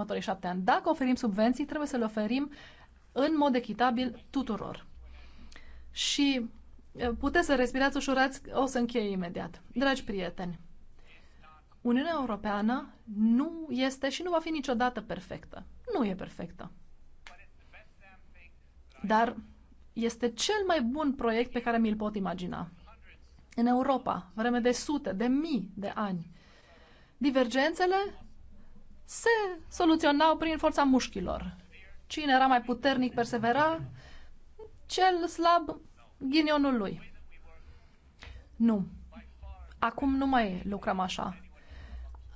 următorii șapte ani. Dacă oferim subvenții, trebuie să le oferim în mod echitabil tuturor. Și puteți să respirați ușurați, o să încheie imediat. Dragi prieteni, Uniunea Europeană nu este și nu va fi niciodată perfectă. Nu e perfectă. Dar este cel mai bun proiect pe care mi-l pot imagina. În Europa, vreme de sute, de mii de ani, divergențele se soluționau prin forța mușchilor. Cine era mai puternic persevera, cel slab ghinionul lui. Nu. Acum nu mai lucrăm așa.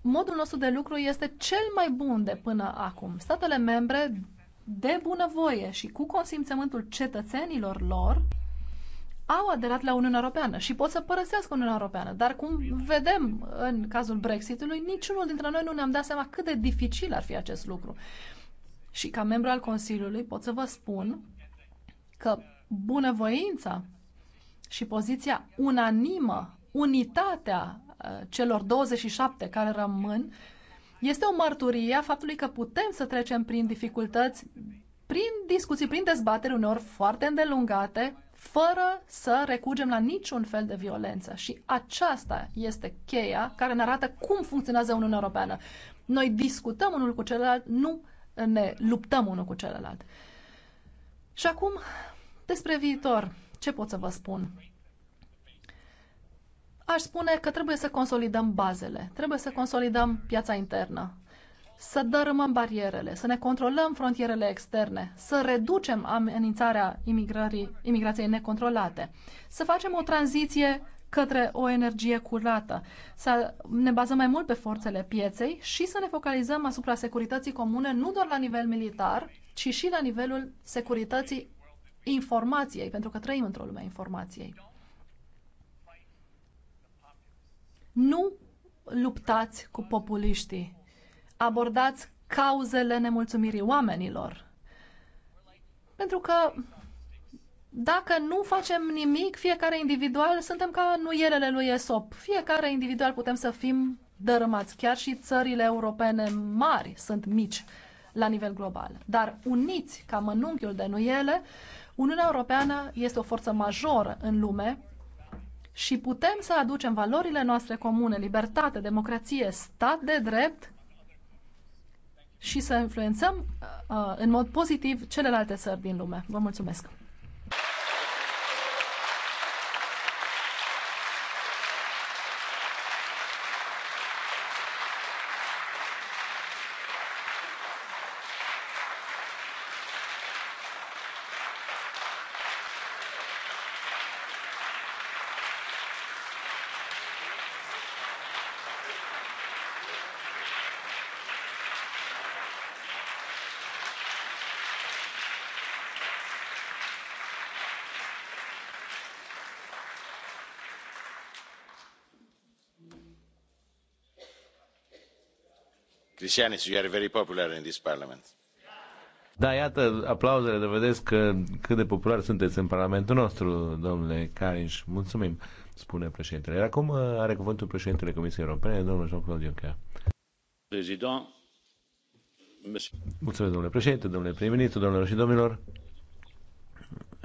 Modul nostru de lucru este cel mai bun de până acum. Statele membre, de bunăvoie și cu consimțământul cetățenilor lor, au aderat la Uniunea Europeană și pot să părăsească Uniunea Europeană. Dar cum vedem în cazul Brexitului, niciunul dintre noi nu ne-am dat seama cât de dificil ar fi acest lucru. Și ca membru al Consiliului pot să vă spun că bunăvoința și poziția unanimă, unitatea uh, celor 27 care rămân, este o mărturie a faptului că putem să trecem prin dificultăți, prin discuții, prin dezbateri uneori foarte îndelungate, fără să recurgem la niciun fel de violență. Și aceasta este cheia care ne arată cum funcționează Uniunea Europeană. Noi discutăm unul cu celălalt, nu ne luptăm unul cu celălalt. Și acum, despre viitor, ce pot să vă spun? Aș spune că trebuie să consolidăm bazele, trebuie să consolidăm piața internă, să dărâmăm barierele, să ne controlăm frontierele externe, să reducem amenințarea imigrației necontrolate, să facem o tranziție către o energie curată, să ne bazăm mai mult pe forțele pieței și să ne focalizăm asupra securității comune, nu doar la nivel militar, ci și la nivelul securității informației, pentru că trăim într-o lume a informației. Nu luptați cu populiștii abordați cauzele nemulțumirii oamenilor. Pentru că dacă nu facem nimic, fiecare individual suntem ca nuielele lui Esop. Fiecare individual putem să fim dărâmați. Chiar și țările europene mari sunt mici la nivel global. Dar uniți ca mănunchiul de nuiele, Uniunea Europeană este o forță majoră în lume și putem să aducem valorile noastre comune, libertate, democrație, stat de drept, și să influențăm uh, în mod pozitiv celelalte țări din lume. Vă mulțumesc! Cristianis, you are very popular in this parliament. Da, iată aplauzele, dovedesc că cât de popular sunteți în Parlamentul nostru, domnule Carinș. Mulțumim, spune președintele. Iar acum uh, are cuvântul președintele Comisiei Europene, domnul Jean-Claude Juncker. Mulțumesc, domnule președinte, domnule prim-ministru, domnilor și domnilor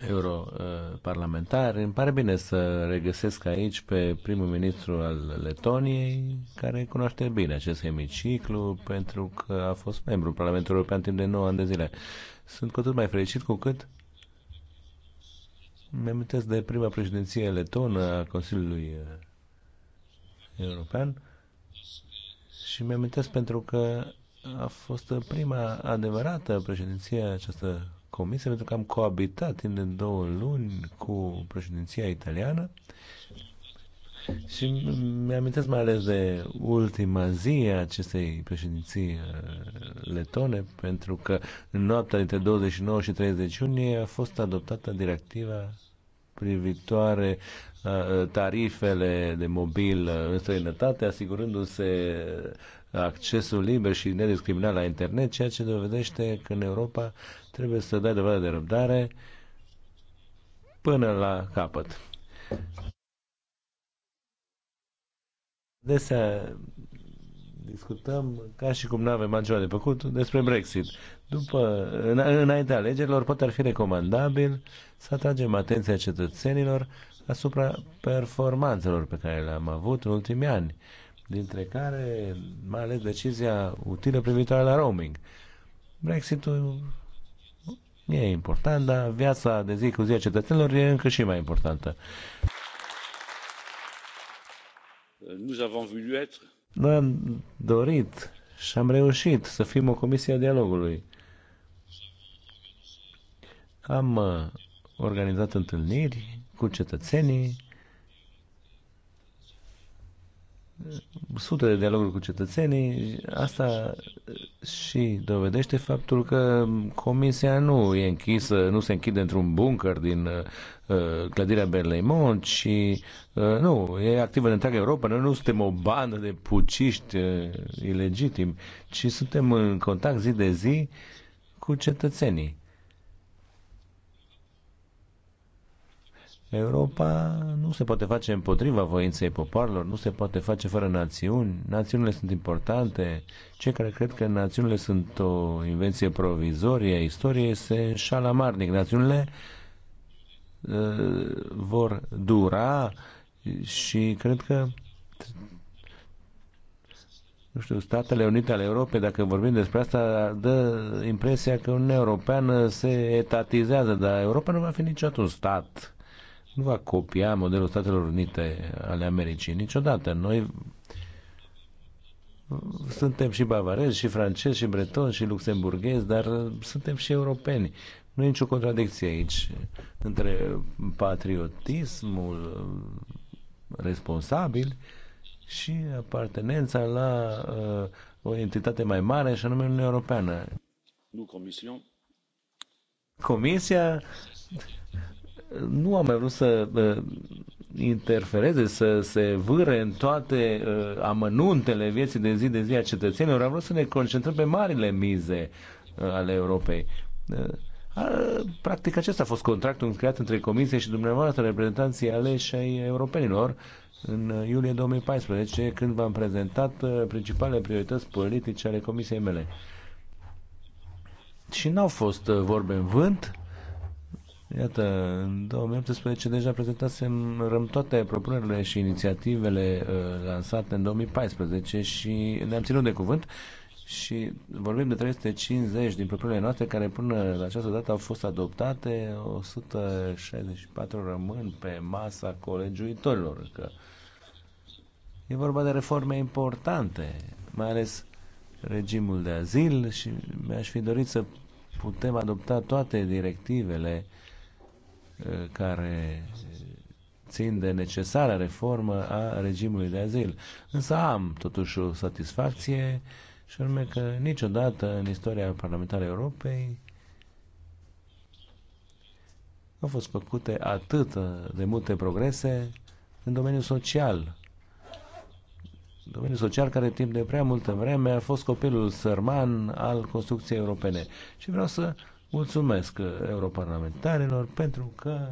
europarlamentar. Îmi pare bine să regăsesc aici pe primul ministru al Letoniei, care cunoaște bine acest hemiciclu, pentru că a fost membru Parlamentului European timp de 9 ani de zile. Sunt cu atât mai fericit cu cât mi amintesc de prima președinție letonă a Consiliului uh, European și mi amintesc pentru că a fost prima adevărată președinție această comisie pentru că am coabitat timp de două luni cu președinția italiană și mi-amintesc mai ales de ultima zi a acestei președinții uh, letone, pentru că în noaptea dintre 29 și 30 iunie a fost adoptată directiva privitoare uh, tarifele de mobil uh, în străinătate, asigurându-se accesul liber și nediscriminat la internet, ceea ce dovedește că în Europa trebuie să dai dovadă de răbdare până la capăt. Desea discutăm ca și cum nu avem altceva de făcut despre Brexit. După, în, înaintea alegerilor, poate ar fi recomandabil să atragem atenția cetățenilor asupra performanțelor pe care le-am avut în ultimii ani dintre care mai ales decizia utilă privitoare la roaming. Brexitul e important, dar viața de zi cu zi a cetățenilor e încă și mai importantă. Nous avons voulu être... Noi am dorit și am reușit să fim o comisie a dialogului. Am uh, organizat întâlniri cu cetățenii, sute de dialoguri cu cetățenii, asta și dovedește faptul că comisia nu e închisă, nu se închide într-un bunker din uh, clădirea Berlaymont și uh, nu, e activă în întreaga Europa. Noi nu suntem o bandă de puciști uh, ilegitimi, ci suntem în contact zi de zi cu cetățenii. Europa nu se poate face împotriva voinței popoarelor, nu se poate face fără națiuni. Națiunile sunt importante. Cei care cred că națiunile sunt o invenție provizorie a istoriei se înșală marnic. Națiunile uh, vor dura și cred că nu știu, Statele Unite ale Europei, dacă vorbim despre asta, dă impresia că Uniunea Europeană se etatizează, dar Europa nu va fi niciodată un stat nu va copia modelul Statelor Unite ale Americii niciodată. Noi suntem și bavarezi, și francezi, și bretoni, și luxemburghezi, dar suntem și europeni. Nu e nicio contradicție aici între patriotismul responsabil și apartenența la uh, o entitate mai mare, și anume Uniunea Europeană. Nu Comisia. Comisia nu am mai vrut să uh, interfereze, să se vâre în toate uh, amănuntele vieții de zi de zi a cetățenilor, am vrut să ne concentrăm pe marile mize uh, ale Europei. Uh, practic acesta a fost contractul încheiat între Comisie și dumneavoastră, reprezentanții aleși ai europenilor, în uh, iulie 2014, când v-am prezentat uh, principalele priorități politice ale Comisiei mele. Și n-au fost uh, vorbe în vânt, Iată, în 2018 deja prezentasem răm toate propunerile și inițiativele uh, lansate în 2014 și ne-am ținut de cuvânt și vorbim de 350 din propunerile noastre care până la această dată au fost adoptate, 164 rămân pe masa colegiuitorilor. Că e vorba de reforme importante, mai ales regimul de azil și mi-aș fi dorit să putem adopta toate directivele care țin de necesară reformă a regimului de azil. Însă am totuși o satisfacție și anume că niciodată în istoria parlamentară Europei au fost făcute atât de multe progrese în domeniul social. Domeniul social care timp de prea multă vreme a fost copilul sărman al construcției europene. Și vreau să Mulțumesc europarlamentarilor pentru că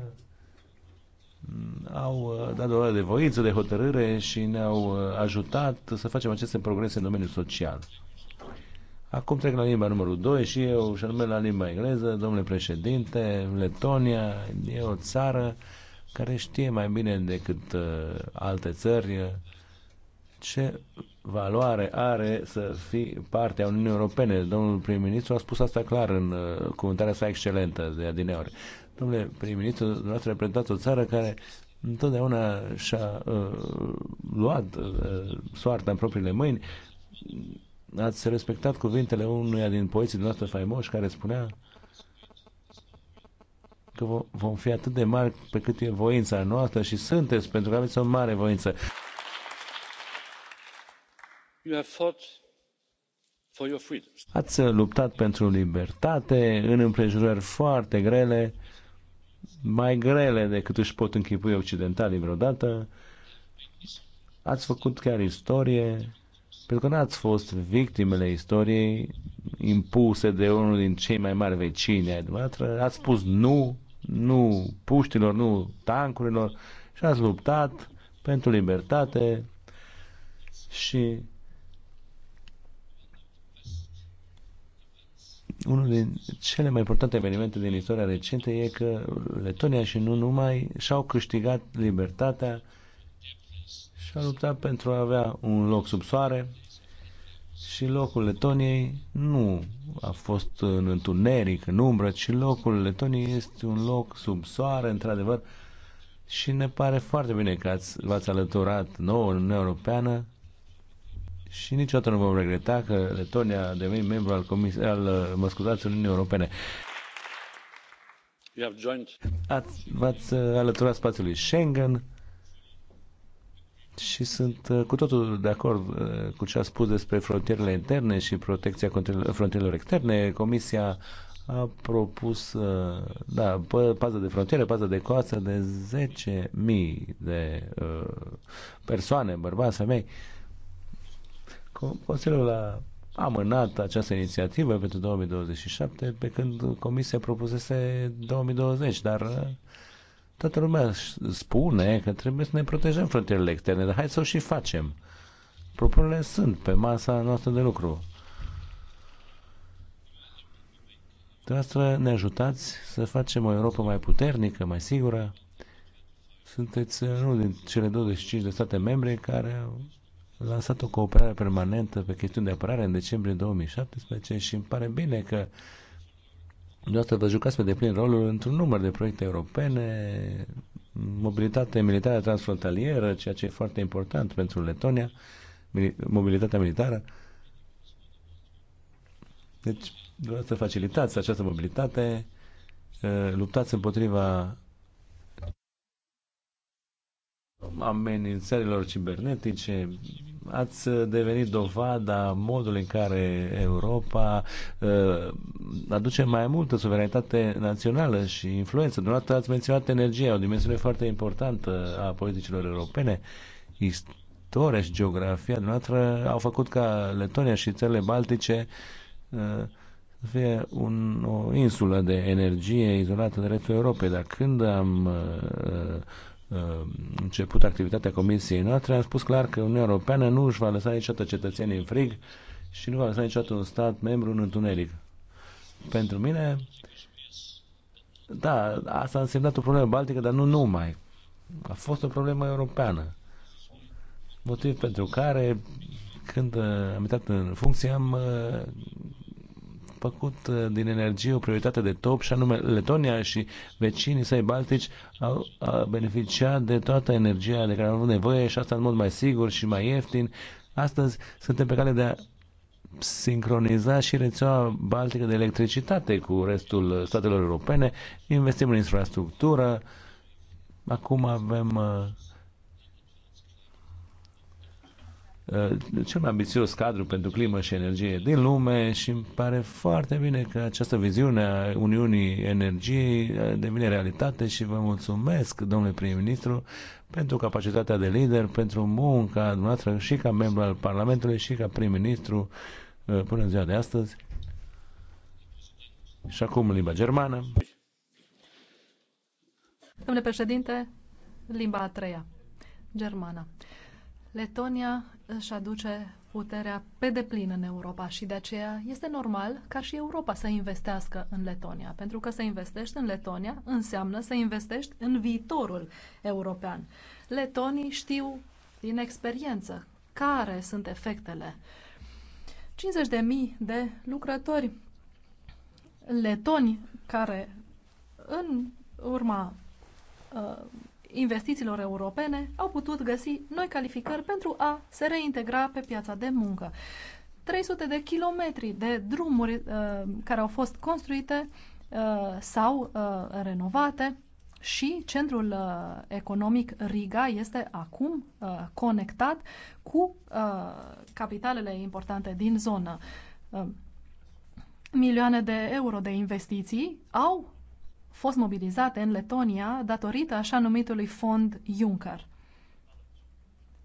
au dat dovadă de voință, de hotărâre și ne-au ajutat să facem aceste progrese în domeniul social. Acum trec la limba numărul 2 și eu, și anume la limba engleză, domnule președinte, Letonia e o țară care știe mai bine decât uh, alte țări ce valoare are să fii parte a Uniunii Europene. Domnul prim-ministru a spus asta clar în uh, comentarea sa excelentă de adineori. Domnule prim-ministru, dumneavoastră reprezentați o țară care întotdeauna și-a uh, luat uh, soarta în propriile mâini. Ați respectat cuvintele unuia din poeții dumneavoastră faimoși care spunea că vom fi atât de mari pe cât e voința noastră și sunteți, pentru că aveți o mare voință. Ați luptat pentru libertate în împrejurări foarte grele, mai grele decât își pot închipui occidentalii vreodată. Ați făcut chiar istorie, pentru că n-ați fost victimele istoriei impuse de unul din cei mai mari vecini ai dumneavoastră. Ați spus nu, nu puștilor, nu tancurilor și ați luptat pentru libertate și unul din cele mai importante evenimente din istoria recentă e că Letonia și nu numai și-au câștigat libertatea și-au luptat pentru a avea un loc sub soare și locul Letoniei nu a fost în întuneric, în umbră, ci locul Letoniei este un loc sub soare, într-adevăr, și ne pare foarte bine că ați, v-ați alăturat nouă în Uniunea Europeană și niciodată nu vom regreta că Letonia a devenit membru al, Comisiei, al uh, mă scuzați, Uniunii Europene. Ați, v-ați uh, alăturat spațiului Schengen și sunt uh, cu totul de acord cu ce a spus despre frontierele interne și protecția frontierelor externe. Comisia a propus, da, pază de frontiere, pază de coastă de 10.000 de persoane, bărbați, femei. Uh, Consiliul a amânat această inițiativă pentru 2027, pe când Comisia propusese 2020, dar uh, toată lumea spune că trebuie să ne protejăm frontierele externe, dar hai să o și facem. Propunerile sunt pe masa noastră de lucru. să ne ajutați să facem o Europa mai puternică, mai sigură. Sunteți unul din cele 25 de state membre care au lansat o cooperare permanentă pe chestiuni de apărare în decembrie 2017 și îmi pare bine că dumneavoastră vă jucați pe deplin rolul într-un număr de proiecte europene, mobilitate militară transfrontalieră, ceea ce e foarte important pentru Letonia, mobilitatea militară. Deci, dumneavoastră facilitați această mobilitate, ă, luptați împotriva amenințărilor cibernetice, ați devenit dovada modului în care Europa uh, aduce mai multă suveranitate națională și influență. Dumneavoastră ați menționat energia, o dimensiune foarte importantă a politicilor europene. Istoria și geografia dumneavoastră au făcut ca Letonia și țările baltice uh, să fie un, o insulă de energie izolată de restul Europei, dar când am uh, Uh, început activitatea Comisiei noastre, am spus clar că Uniunea Europeană nu își va lăsa niciodată cetățenii în frig și nu va lăsa niciodată un stat membru în întuneric. Pentru mine, da, asta a însemnat o problemă baltică, dar nu numai. A fost o problemă europeană. Motiv pentru care, când uh, am intrat în funcție, am uh, făcut uh, din energie o prioritate de top și anume Letonia și vecinii săi baltici au beneficiat de toată energia de care au avut nevoie și asta în mod mai sigur și mai ieftin. Astăzi suntem pe cale de a sincroniza și rețeaua baltică de electricitate cu restul statelor europene, investim în infrastructură, acum avem uh, Uh, cel mai ambițios cadru pentru climă și energie din lume și îmi pare foarte bine că această viziune a Uniunii Energiei uh, devine realitate și vă mulțumesc, domnule prim-ministru, pentru capacitatea de lider, pentru munca dumneavoastră și ca membru al Parlamentului și ca prim-ministru uh, până în ziua de astăzi. Și acum limba germană. Domnule președinte, limba a treia, germana. Letonia își aduce puterea pe deplin în Europa și de aceea este normal ca și Europa să investească în Letonia, pentru că să investești în Letonia înseamnă să investești în viitorul european. Letonii știu din experiență care sunt efectele. 50.000 de lucrători letoni care în urma uh, investițiilor europene au putut găsi noi calificări pentru a se reintegra pe piața de muncă. 300 de kilometri de drumuri uh, care au fost construite uh, sau uh, renovate și centrul uh, economic Riga este acum uh, conectat cu uh, capitalele importante din zonă. Uh, milioane de euro de investiții au fost mobilizate în Letonia datorită așa numitului fond Juncker.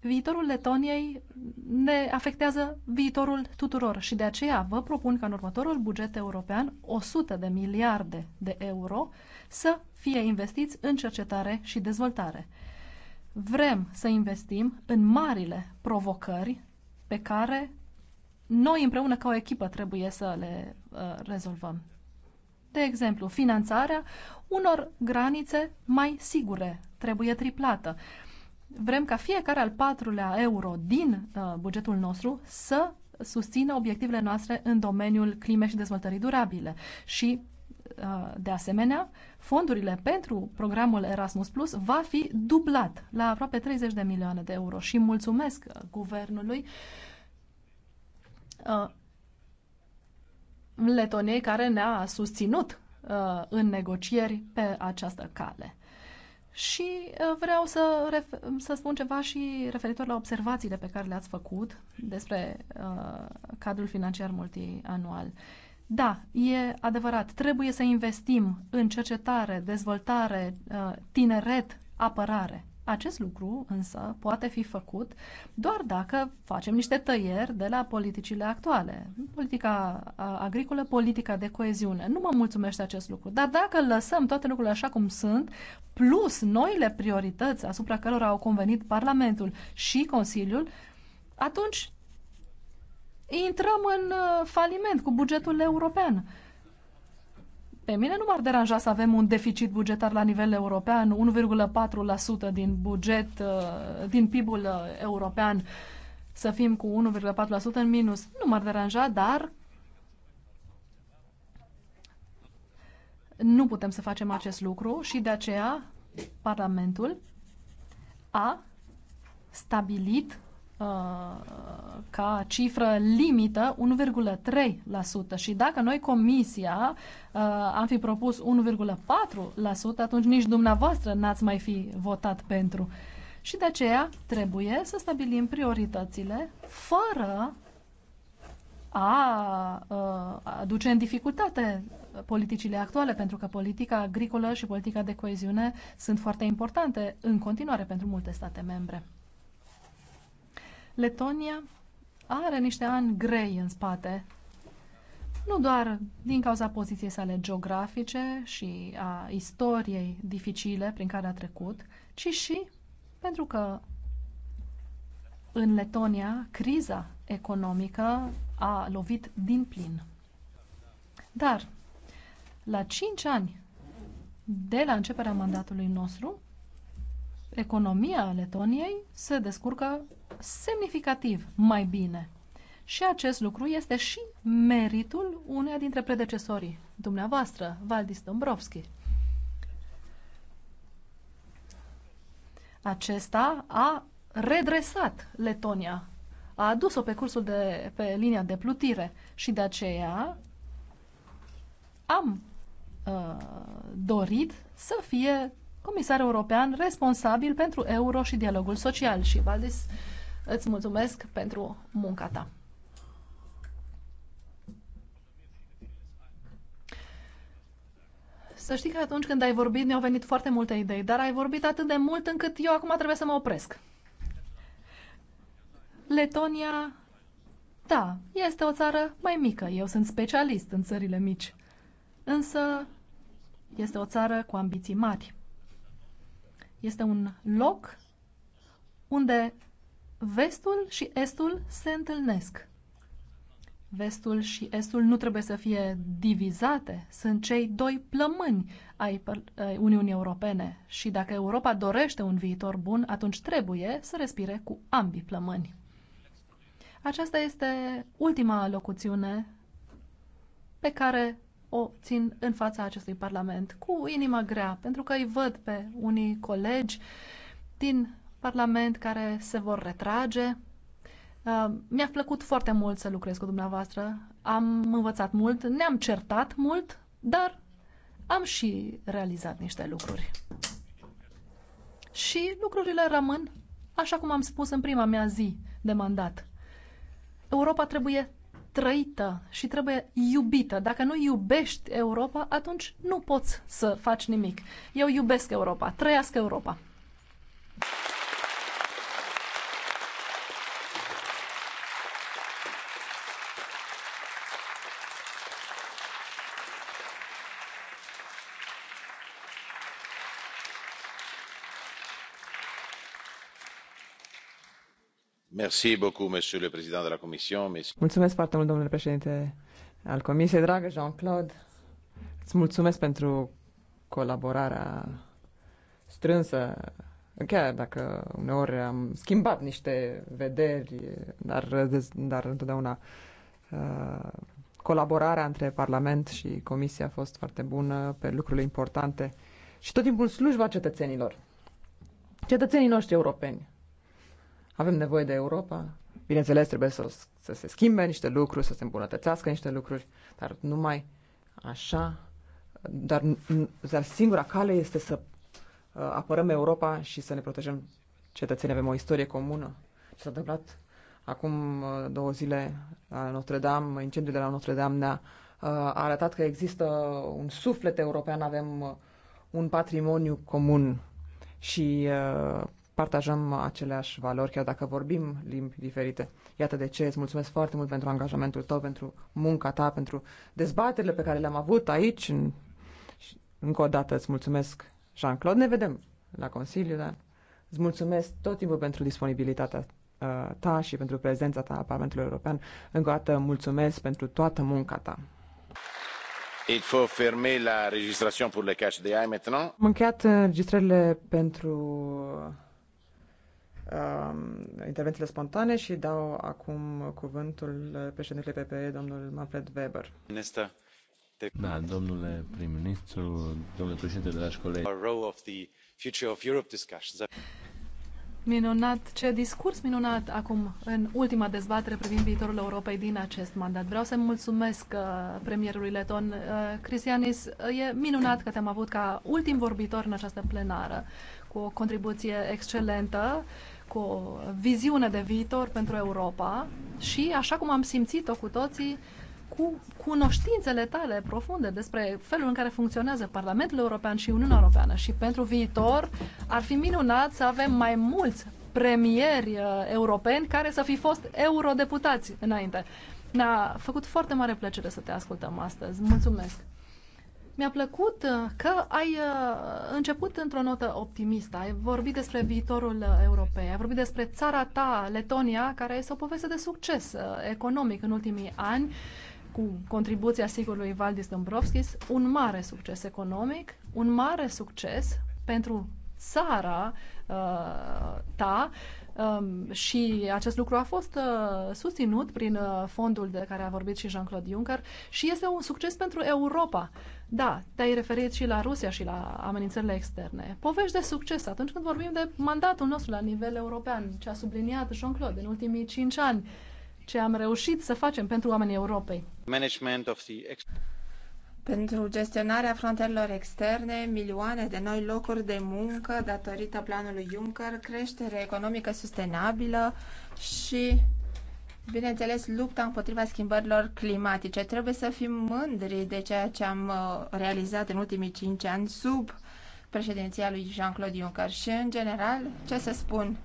Viitorul Letoniei ne afectează viitorul tuturor și de aceea vă propun ca în următorul buget european 100 de miliarde de euro să fie investiți în cercetare și dezvoltare. Vrem să investim în marile provocări pe care noi împreună ca o echipă trebuie să le uh, rezolvăm de exemplu, finanțarea unor granițe mai sigure. Trebuie triplată. Vrem ca fiecare al patrulea euro din uh, bugetul nostru să susțină obiectivele noastre în domeniul climei și dezvoltării durabile. Și, uh, de asemenea, fondurile pentru programul Erasmus Plus va fi dublat la aproape 30 de milioane de euro. Și mulțumesc uh, guvernului uh, Letoniei care ne-a susținut uh, în negocieri pe această cale. Și uh, vreau să, să spun ceva și referitor la observațiile pe care le-ați făcut despre uh, cadrul financiar multianual. Da, e adevărat, trebuie să investim în cercetare, dezvoltare, uh, tineret, apărare. Acest lucru însă poate fi făcut doar dacă facem niște tăieri de la politicile actuale. Politica agricolă, politica de coeziune. Nu mă mulțumește acest lucru. Dar dacă lăsăm toate lucrurile așa cum sunt, plus noile priorități asupra cărora au convenit Parlamentul și Consiliul, atunci intrăm în uh, faliment cu bugetul european. Pe mine nu m-ar deranja să avem un deficit bugetar la nivel european, 1,4% din buget, uh, din PIB-ul uh, european, să fim cu 1,4% în minus. Nu m-ar deranja, dar nu putem să facem acest lucru și de aceea Parlamentul a stabilit Uh, ca cifră limită 1,3% și dacă noi comisia uh, am fi propus 1,4%, atunci nici dumneavoastră n-ați mai fi votat pentru. Și de aceea trebuie să stabilim prioritățile fără a uh, aduce în dificultate politicile actuale, pentru că politica agricolă și politica de coeziune sunt foarte importante în continuare pentru multe state membre. Letonia are niște ani grei în spate, nu doar din cauza poziției sale geografice și a istoriei dificile prin care a trecut, ci și pentru că în Letonia criza economică a lovit din plin. Dar la 5 ani de la începerea mandatului nostru, economia Letoniei se descurcă semnificativ mai bine. Și acest lucru este și meritul uneia dintre predecesorii dumneavoastră, Valdis Dombrovski. Acesta a redresat Letonia, a adus-o pe cursul de, pe linia de plutire și de aceea am uh, dorit să fie comisar european responsabil pentru euro și dialogul social și Valdis uh, Îți mulțumesc pentru munca ta. Să știi că atunci când ai vorbit, mi-au venit foarte multe idei, dar ai vorbit atât de mult încât eu acum trebuie să mă opresc. Letonia, da, este o țară mai mică. Eu sunt specialist în țările mici. Însă este o țară cu ambiții mari. Este un loc unde vestul și estul se întâlnesc. Vestul și estul nu trebuie să fie divizate, sunt cei doi plămâni ai Uniunii Europene și dacă Europa dorește un viitor bun, atunci trebuie să respire cu ambii plămâni. Aceasta este ultima locuțiune pe care o țin în fața acestui Parlament cu inima grea, pentru că îi văd pe unii colegi din Parlament care se vor retrage. Uh, mi-a plăcut foarte mult să lucrez cu dumneavoastră. Am învățat mult, ne-am certat mult, dar am și realizat niște lucruri. Și lucrurile rămân așa cum am spus în prima mea zi de mandat. Europa trebuie trăită și trebuie iubită. Dacă nu iubești Europa, atunci nu poți să faci nimic. Eu iubesc Europa, trăiască Europa. Mulțumesc foarte mult, domnule președinte al Comisiei. Dragă Jean-Claude, îți mulțumesc pentru colaborarea strânsă, chiar dacă uneori am schimbat niște vederi, dar, dar întotdeauna uh, colaborarea între Parlament și Comisie a fost foarte bună pe lucrurile importante și tot timpul slujba cetățenilor. Cetățenii noștri europeni avem nevoie de Europa. Bineînțeles, trebuie să, să se schimbe niște lucruri, să se îmbunătățească niște lucruri, dar numai așa. Dar, dar singura cale este să uh, apărăm Europa și să ne protejăm cetățenii. Avem o istorie comună. Ce s-a întâmplat acum uh, două zile la Notre-Dame, incendiul de la Notre-Dame ne-a uh, a arătat că există un suflet european, avem un patrimoniu comun și partajăm aceleași valori, chiar dacă vorbim limbi diferite. Iată de ce îți mulțumesc foarte mult pentru angajamentul tău, pentru munca ta, pentru dezbaterile pe care le-am avut aici. Și încă o dată îți mulțumesc, Jean-Claude. Ne vedem la Consiliu, dar îți mulțumesc tot timpul pentru disponibilitatea uh, ta și pentru prezența ta a Parlamentului European. Încă o dată mulțumesc pentru toată munca ta. Il faut fermer la registration pour le cash de maintenant. Am încheiat înregistrările uh, pentru uh, intervențiile spontane și dau acum cuvântul președintele PPE, domnul Manfred Weber. Minister. Da, domnule prim-ministru, domnule președinte, dragi colegi. Minunat, ce discurs minunat acum în ultima dezbatere privind viitorul Europei din acest mandat. Vreau să mulțumesc uh, premierului leton uh, Cristianis. Uh, e minunat că te-am avut ca ultim vorbitor în această plenară cu o contribuție excelentă cu o viziune de viitor pentru Europa și, așa cum am simțit-o cu toții, cu cunoștințele tale profunde despre felul în care funcționează Parlamentul European și Uniunea Europeană. Și pentru viitor ar fi minunat să avem mai mulți premieri uh, europeni care să fi fost eurodeputați înainte. Ne-a făcut foarte mare plăcere să te ascultăm astăzi. Mulțumesc! Mi-a plăcut uh, că ai uh, început într-o notă optimistă. Ai vorbit despre viitorul uh, europei, ai vorbit despre țara ta, Letonia, care este o poveste de succes economic în ultimii ani, cu contribuția sigurului Valdis Dombrovskis, un mare succes economic, un mare succes pentru țara uh, ta, Um, și acest lucru a fost uh, susținut prin uh, fondul de care a vorbit și Jean-Claude Juncker și este un succes pentru Europa. Da, te-ai referit și la Rusia și la amenințările externe. Povești de succes atunci când vorbim de mandatul nostru la nivel european, ce a subliniat Jean-Claude în ultimii cinci ani, ce am reușit să facem pentru oamenii Europei. Management of the pentru gestionarea frontierelor externe, milioane de noi locuri de muncă datorită planului Juncker, creștere economică sustenabilă și, bineînțeles, lupta împotriva schimbărilor climatice. Trebuie să fim mândri de ceea ce am uh, realizat în ultimii cinci ani sub președinția lui Jean-Claude Juncker și, în general, ce să spun,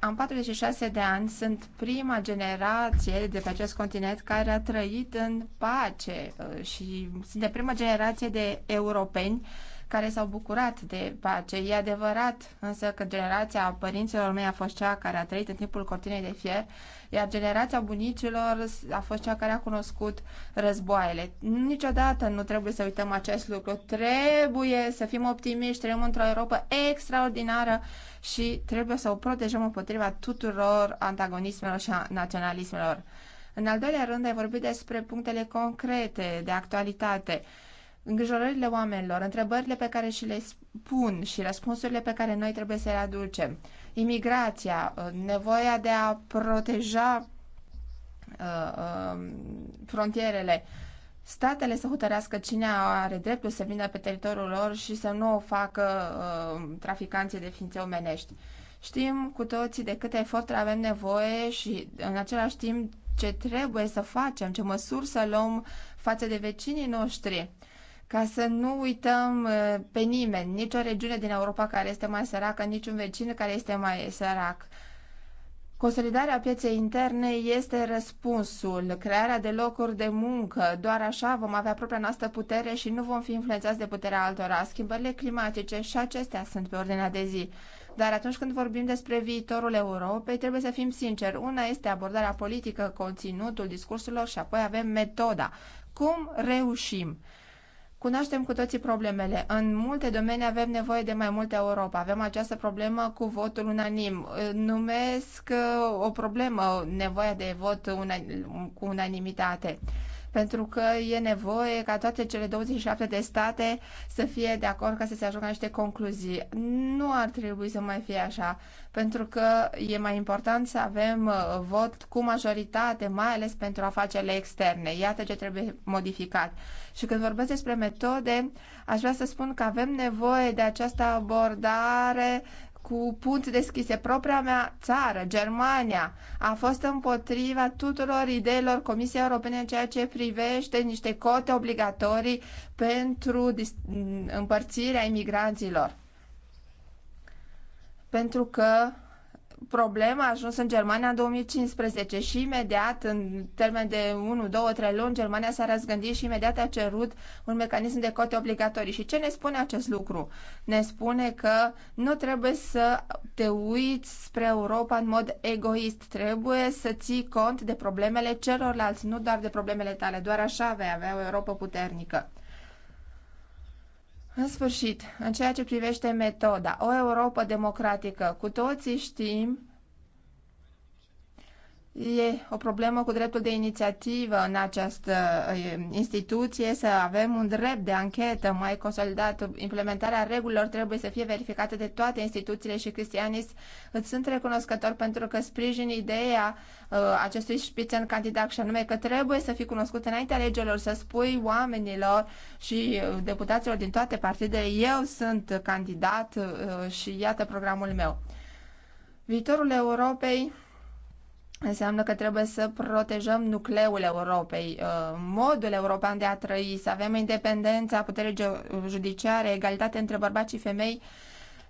am 46 de ani, sunt prima generație de pe acest continent care a trăit în pace uh, și sunt de prima generație de europeni care s-au bucurat de pace. E adevărat însă că generația părinților mei a fost cea care a trăit în timpul cortinei de fier, iar generația bunicilor a fost cea care a cunoscut războaiele. Niciodată nu trebuie să uităm acest lucru. Trebuie să fim optimiști, trăim într-o Europa extraordinară și trebuie să o protejăm împotriva tuturor antagonismelor și naționalismelor. În al doilea rând, ai vorbit despre punctele concrete de actualitate îngrijorările oamenilor, întrebările pe care și le spun și răspunsurile pe care noi trebuie să le aducem, imigrația, uh, nevoia de a proteja uh, um, frontierele, statele să hotărească cine are dreptul să vină pe teritoriul lor și să nu o facă uh, traficanții de ființe omenești. Știm cu toții de câte eforturi avem nevoie și în același timp ce trebuie să facem, ce măsuri să luăm față de vecinii noștri ca să nu uităm uh, pe nimeni, nicio regiune din Europa care este mai săracă, niciun vecin care este mai sărac. Consolidarea pieței interne este răspunsul, crearea de locuri de muncă. Doar așa vom avea propria noastră putere și nu vom fi influențați de puterea altora. Schimbările climatice și acestea sunt pe ordinea de zi. Dar atunci când vorbim despre viitorul Europei, trebuie să fim sinceri. Una este abordarea politică, conținutul discursurilor și apoi avem metoda. Cum reușim? Cunoaștem cu toții problemele. În multe domenii avem nevoie de mai multă Europa. Avem această problemă cu votul unanim. Numesc uh, o problemă nevoia de vot una, cu unanimitate pentru că e nevoie ca toate cele 27 de state să fie de acord ca să se ajungă la niște concluzii. Nu ar trebui să mai fie așa, pentru că e mai important să avem uh, vot cu majoritate, mai ales pentru afacerile externe. Iată ce trebuie modificat. Și când vorbesc despre metode, aș vrea să spun că avem nevoie de această abordare cu punți deschise. Propria mea țară, Germania, a fost împotriva tuturor ideilor Comisiei Europene în ceea ce privește niște cote obligatorii pentru împărțirea imigranților. Pentru că problemă a ajuns în Germania în 2015 și imediat, în termen de 1, 2, 3 luni, Germania s-a răzgândit și imediat a cerut un mecanism de cote obligatorii. Și ce ne spune acest lucru? Ne spune că nu trebuie să te uiți spre Europa în mod egoist. Trebuie să ții cont de problemele celorlalți, nu doar de problemele tale. Doar așa vei avea o Europa puternică. În sfârșit, în ceea ce privește metoda, o Europa democratică, cu toții știm E o problemă cu dreptul de inițiativă în această instituție, să avem un drept de anchetă mai consolidat. Implementarea regulilor trebuie să fie verificată de toate instituțiile și Cristianis îți sunt recunoscător pentru că sprijin ideea uh, acestui spițen candidat și anume că trebuie să fii cunoscut înaintea alegerilor, să spui oamenilor și deputaților din toate partidele, eu sunt candidat uh, și iată programul meu. Viitorul Europei Înseamnă că trebuie să protejăm nucleul Europei, uh, modul european de a trăi, să avem independența, putere judiciare, egalitate între bărbați și femei,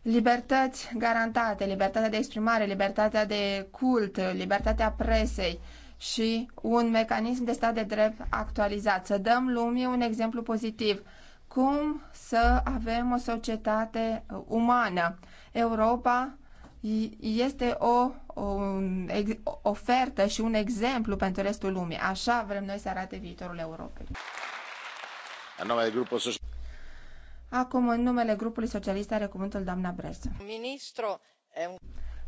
libertăți garantate, libertatea de exprimare, libertatea de cult, libertatea presei și un mecanism de stat de drept actualizat. Să dăm lumii un exemplu pozitiv. Cum să avem o societate umană? Europa este o, o ofertă și un exemplu pentru restul lumii. Așa vrem noi să arate viitorul Europei. Acum, în numele grupului socialist, are cuvântul doamna Bresu. Ministru.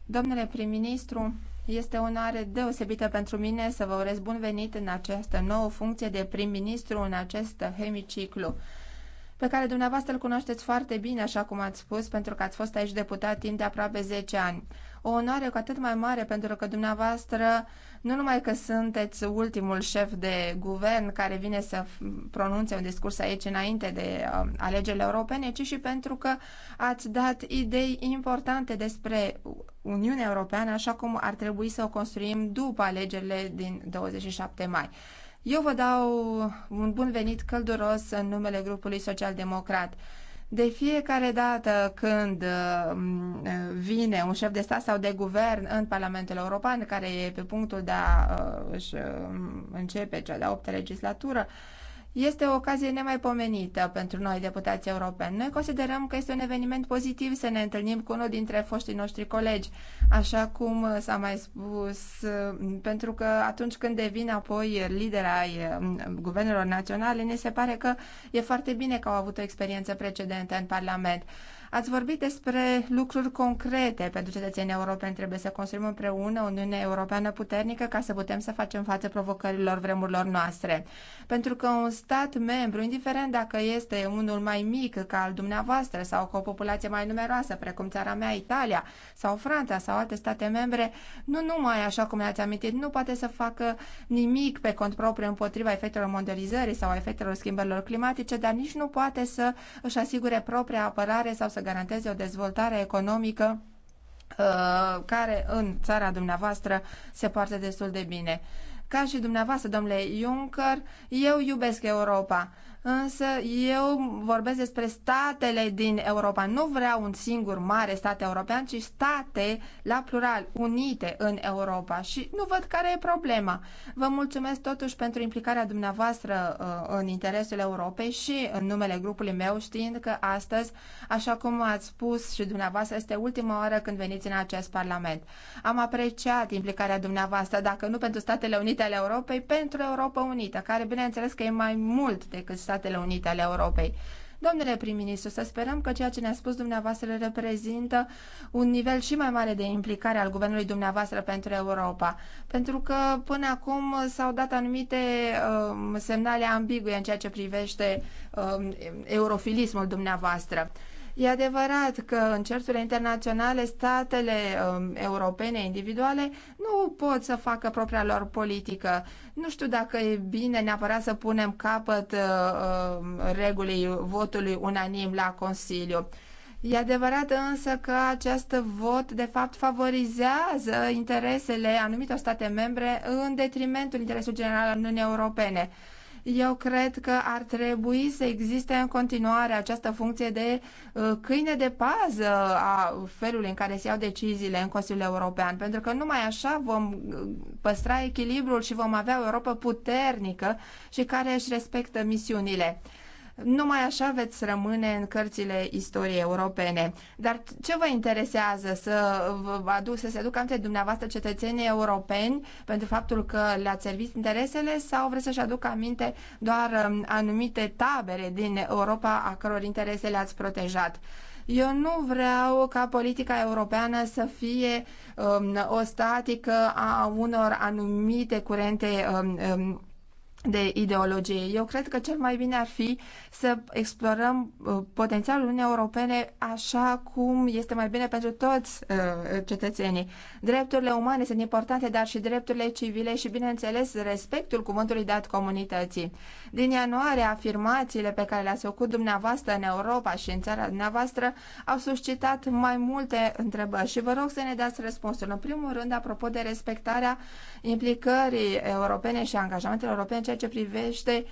Domnule prim-ministru, este o onoare deosebită pentru mine să vă urez bun venit în această nouă funcție de prim-ministru în acest hemiciclu pe care dumneavoastră îl cunoașteți foarte bine, așa cum ați spus, pentru că ați fost aici deputat timp de aproape 10 ani. O onoare cu atât mai mare pentru că dumneavoastră nu numai că sunteți ultimul șef de guvern care vine să pronunțe un discurs aici înainte de um, alegerile europene, ci și pentru că ați dat idei importante despre Uniunea Europeană așa cum ar trebui să o construim după alegerile din 27 mai. Eu vă dau un bun venit călduros în numele grupului social-democrat. De fiecare dată când mm, vine un șef de stat sau de guvern în Parlamentul European, care e pe punctul de a uh, uh, începe cea de-a opta legislatură, este o ocazie nemaipomenită pentru noi, deputații europeni. Noi considerăm că este un eveniment pozitiv să ne întâlnim cu unul dintre foștii noștri colegi, așa cum s-a mai spus, pentru că atunci când devin apoi lideri ai mm, guvernelor naționale, ne se pare că e foarte bine că au avut o experiență precedentă în Parlament. Ați vorbit despre lucruri concrete pentru cetățenii europeni. Trebuie să construim împreună o Uniune Europeană puternică ca să putem să facem față provocărilor vremurilor noastre. Pentru că un stat membru, indiferent dacă este unul mai mic ca al dumneavoastră sau cu o populație mai numeroasă, precum țara mea, Italia sau Franța sau alte state membre, nu numai așa cum ne-ați amintit, nu poate să facă nimic pe cont propriu împotriva efectelor mondializării sau efectelor schimbărilor climatice, dar nici nu poate să își asigure propria apărare sau să să garanteze o dezvoltare economică uh, care în țara dumneavoastră se poartă destul de bine. Ca și dumneavoastră, domnule Juncker, eu iubesc Europa Însă eu vorbesc despre statele din Europa. Nu vreau un singur mare stat european, ci state la plural, unite în Europa. Și nu văd care e problema. Vă mulțumesc totuși pentru implicarea dumneavoastră uh, în interesul Europei și în numele grupului meu, știind că astăzi, așa cum ați spus și dumneavoastră, este ultima oară când veniți în acest Parlament. Am apreciat implicarea dumneavoastră, dacă nu pentru Statele Unite ale Europei, pentru Europa Unită, care bineînțeles că e mai mult decât Statele Unite ale Europei. Domnule prim-ministru, să sperăm că ceea ce ne-a spus dumneavoastră reprezintă un nivel și mai mare de implicare al guvernului dumneavoastră pentru Europa. Pentru că până acum s-au dat anumite uh, semnale ambigue în ceea ce privește uh, eurofilismul dumneavoastră. E adevărat că în cerțurile internaționale statele um, europene individuale nu pot să facă propria lor politică. Nu știu dacă e bine neapărat să punem capăt uh, um, regulii votului unanim la Consiliu. E adevărat însă că acest vot de fapt favorizează interesele anumitor state membre în detrimentul interesului general al Uniunii Europene. Eu cred că ar trebui să existe în continuare această funcție de uh, câine de pază a felului în care se iau deciziile în Consiliul European, pentru că numai așa vom uh, păstra echilibrul și vom avea o Europa puternică și care își respectă misiunile. Numai așa veți rămâne în cărțile istoriei europene. Dar ce vă interesează să vă aduc, să se aducă aminte dumneavoastră cetățenii europeni pentru faptul că le-ați servit interesele sau vreți să-și aducă aminte doar um, anumite tabere din Europa a căror interese le-ați protejat? Eu nu vreau ca politica europeană să fie um, o statică a unor anumite curente um, um, de ideologie. Eu cred că cel mai bine ar fi să explorăm uh, potențialul Uniunii Europene așa cum este mai bine pentru toți uh, cetățenii. Drepturile umane sunt importante, dar și drepturile civile și, bineînțeles, respectul cuvântului dat comunității. Din ianuarie, afirmațiile pe care le-ați făcut dumneavoastră în Europa și în țara dumneavoastră au suscitat mai multe întrebări și vă rog să ne dați răspunsul. În primul rând, apropo de respectarea implicării europene și angajamentelor europene ceea ce privește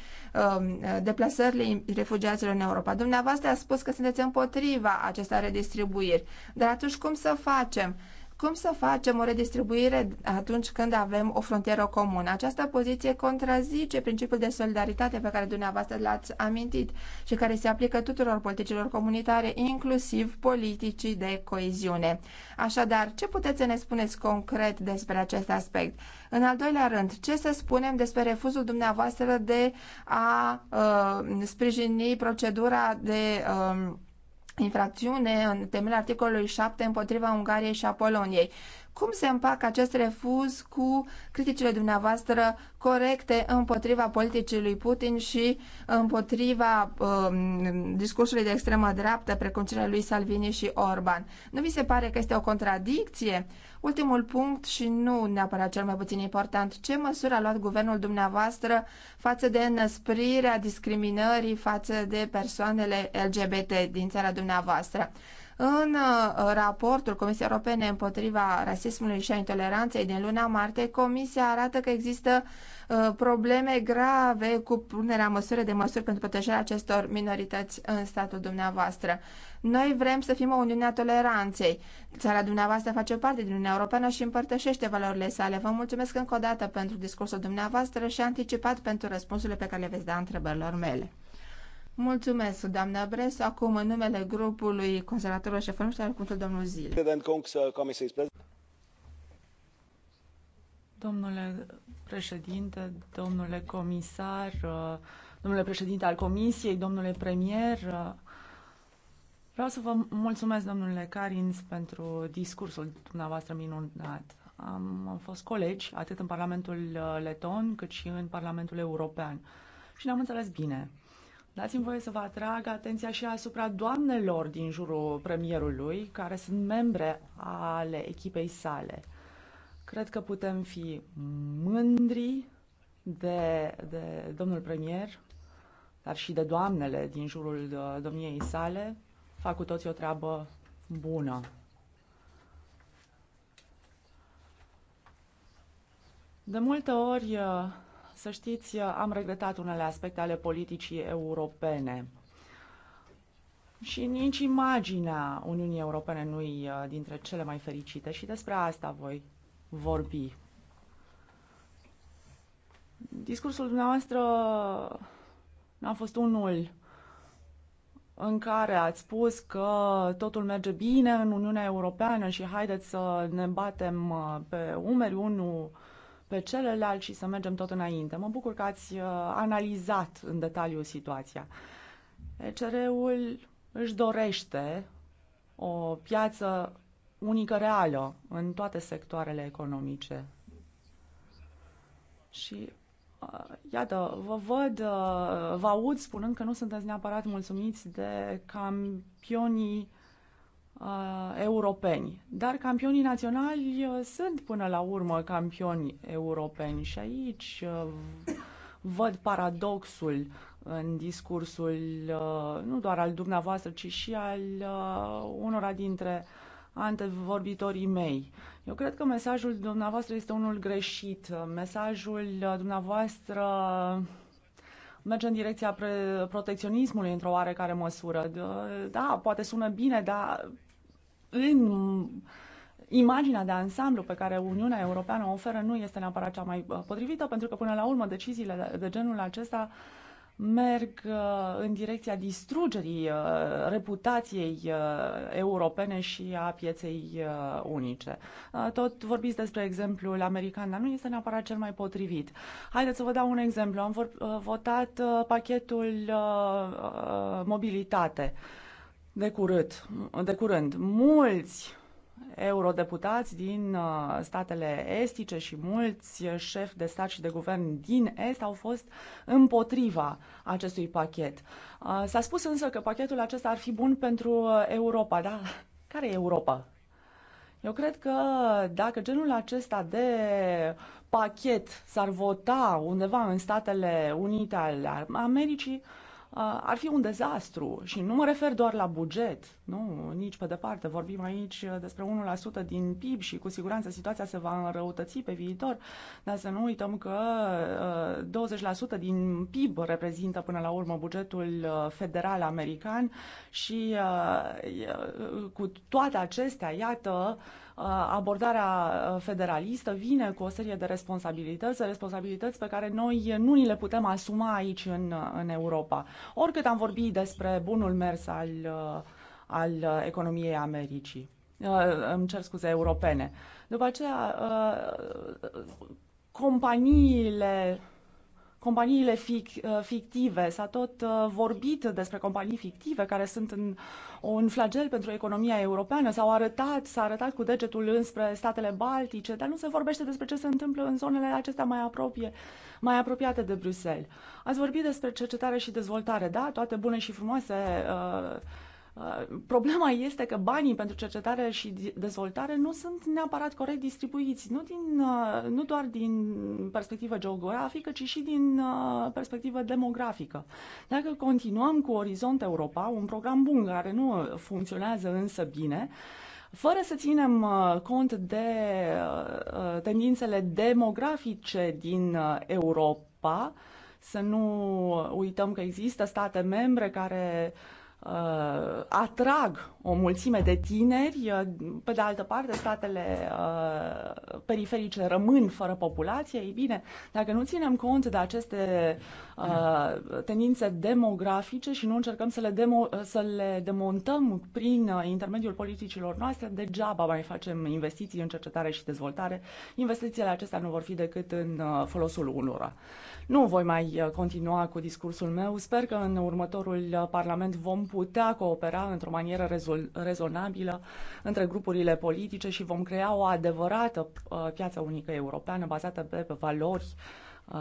um, deplasările refugiaților în Europa. Dumneavoastră a spus că sunteți împotriva acestor redistribuiri. Dar atunci cum să facem? Cum să facem o redistribuire atunci când avem o frontieră comună? Această poziție contrazice principiul de solidaritate pe care dumneavoastră l-ați amintit și care se aplică tuturor politicilor comunitare, inclusiv politicii de coeziune. Așadar, ce puteți să ne spuneți concret despre acest aspect? În al doilea rând, ce să spunem despre refuzul dumneavoastră de a uh, sprijini procedura de uh, infracțiune în temeiul articolului 7 împotriva Ungariei și a Poloniei. Cum se împacă acest refuz cu criticile dumneavoastră corecte împotriva politicii lui Putin și împotriva um, discursului de extremă dreaptă, precum cele lui Salvini și Orban? Nu vi se pare că este o contradicție? Ultimul punct și nu neapărat cel mai puțin important. Ce măsură a luat guvernul dumneavoastră față de înăsprirea discriminării față de persoanele LGBT din țara dumneavoastră? În uh, raportul Comisiei Europene împotriva rasismului și a intoleranței din luna martie, Comisia arată că există uh, probleme grave cu punerea măsură de măsuri pentru protejarea acestor minorități în statul dumneavoastră. Noi vrem să fim o Uniune a toleranței. Țara dumneavoastră face parte din Uniunea Europeană și împărtășește valorile sale. Vă mulțumesc încă o dată pentru discursul dumneavoastră și anticipat pentru răspunsurile pe care le veți da întrebărilor mele. Mulțumesc, doamna Bres. Acum, în numele grupului conservatorilor și reformiști, are cuvântul domnul Zile. Domnule președinte, domnule comisar, domnule președinte al comisiei, domnule premier, vreau să vă mulțumesc, domnule Carins, pentru discursul dumneavoastră minunat. Am fost colegi atât în Parlamentul Leton cât și în Parlamentul European și ne-am înțeles bine. Dați-mi voie să vă atrag atenția și asupra doamnelor din jurul premierului, care sunt membre ale echipei sale. Cred că putem fi mândri de, de domnul premier, dar și de doamnele din jurul uh, domniei sale. Fac cu toții o treabă bună. De multe ori uh, să știți, uh, am regretat unele aspecte ale politicii europene. Și nici imaginea Uniunii Europene nu e uh, dintre cele mai fericite și despre asta voi vorbi. Discursul dumneavoastră n-a fost unul în care ați spus că totul merge bine în Uniunea Europeană și haideți să ne batem uh, pe umeri unul pe celălalt și să mergem tot înainte. Mă bucur că ați uh, analizat în detaliu situația. ECR-ul își dorește o piață unică reală în toate sectoarele economice. Și uh, Iată, vă văd, uh, vă aud spunând că nu sunteți neapărat mulțumiți de campionii uh, europeni. Dar campionii naționali uh, sunt până la urmă campioni europeni și aici uh, văd paradoxul în discursul uh, nu doar al dumneavoastră, ci și al uh, unora dintre antevorbitorii mei. Eu cred că mesajul dumneavoastră este unul greșit. Mesajul uh, dumneavoastră merge în direcția pre- protecționismului într-o oarecare măsură. Uh, da, poate sună bine, dar în imaginea de ansamblu pe care Uniunea Europeană o oferă nu este neapărat cea mai uh, potrivită, pentru că până la urmă deciziile de genul acesta merg uh, în direcția distrugerii uh, reputației europene și a pieței unice. Tot vorbiți despre exemplul american, dar nu este neapărat cel mai potrivit. Haideți să vă dau un exemplu. Am votat pachetul mobilitate de, curând, de curând. Mulți eurodeputați din uh, statele estice și mulți șefi de stat și de guvern din Est au fost împotriva acestui pachet. Uh, s-a spus însă că pachetul acesta ar fi bun pentru uh, Europa, dar care e Europa? Eu cred că dacă genul acesta de pachet s-ar vota undeva în Statele Unite ale Americii, uh, Uh, ar fi un dezastru și nu mă refer doar la buget, nu, nici pe departe. Vorbim aici despre 1% din PIB și cu siguranță situația se va înrăutăți pe viitor, dar să nu uităm că 20% uh, din PIB reprezintă până la urmă bugetul uh, federal american și cu toate acestea, iată, Uh, abordarea uh, federalistă vine cu o serie de responsabilități, responsabilități pe care noi nu ni le putem asuma aici în, uh, în Europa. Oricât am vorbit despre bunul mers al, al economiei Americii, îmi cer scuze, europene. După aceea, companiile companiile fic- uh, fictive. S-a tot uh, vorbit despre companii fictive care sunt în, un flagel pentru economia europeană. S-au arătat, s-a arătat cu degetul înspre statele baltice, dar nu se vorbește despre ce se întâmplă în zonele acestea mai, apropie, mai apropiate de Bruxelles. Ați vorbit despre cercetare și dezvoltare, da? Toate bune și frumoase uh, Uh, problema este că banii pentru cercetare și dezvoltare nu sunt neapărat corect distribuiți, nu, din, uh, nu doar din perspectivă geografică, ci și din uh, perspectivă demografică. Dacă continuăm cu Orizont Europa, un program bun care nu funcționează însă bine, fără să ținem cont de tendințele demografice din Europa, să nu uităm că există state membre care uh, Uh, atrag o mulțime de tineri. Uh, pe de altă parte, statele uh, periferice rămân fără populație. Ei bine, dacă nu ținem cont de aceste uh, tendințe demografice și nu încercăm să le, demo, să le demontăm prin uh, intermediul politicilor noastre, degeaba mai facem investiții în cercetare și dezvoltare. Investițiile acestea nu vor fi decât în uh, folosul unora. Nu voi mai continua cu discursul meu. Sper că în următorul Parlament vom putea coopera într-o manieră rezultată rezonabilă între grupurile politice și vom crea o adevărată uh, piață unică europeană bazată pe valori uh,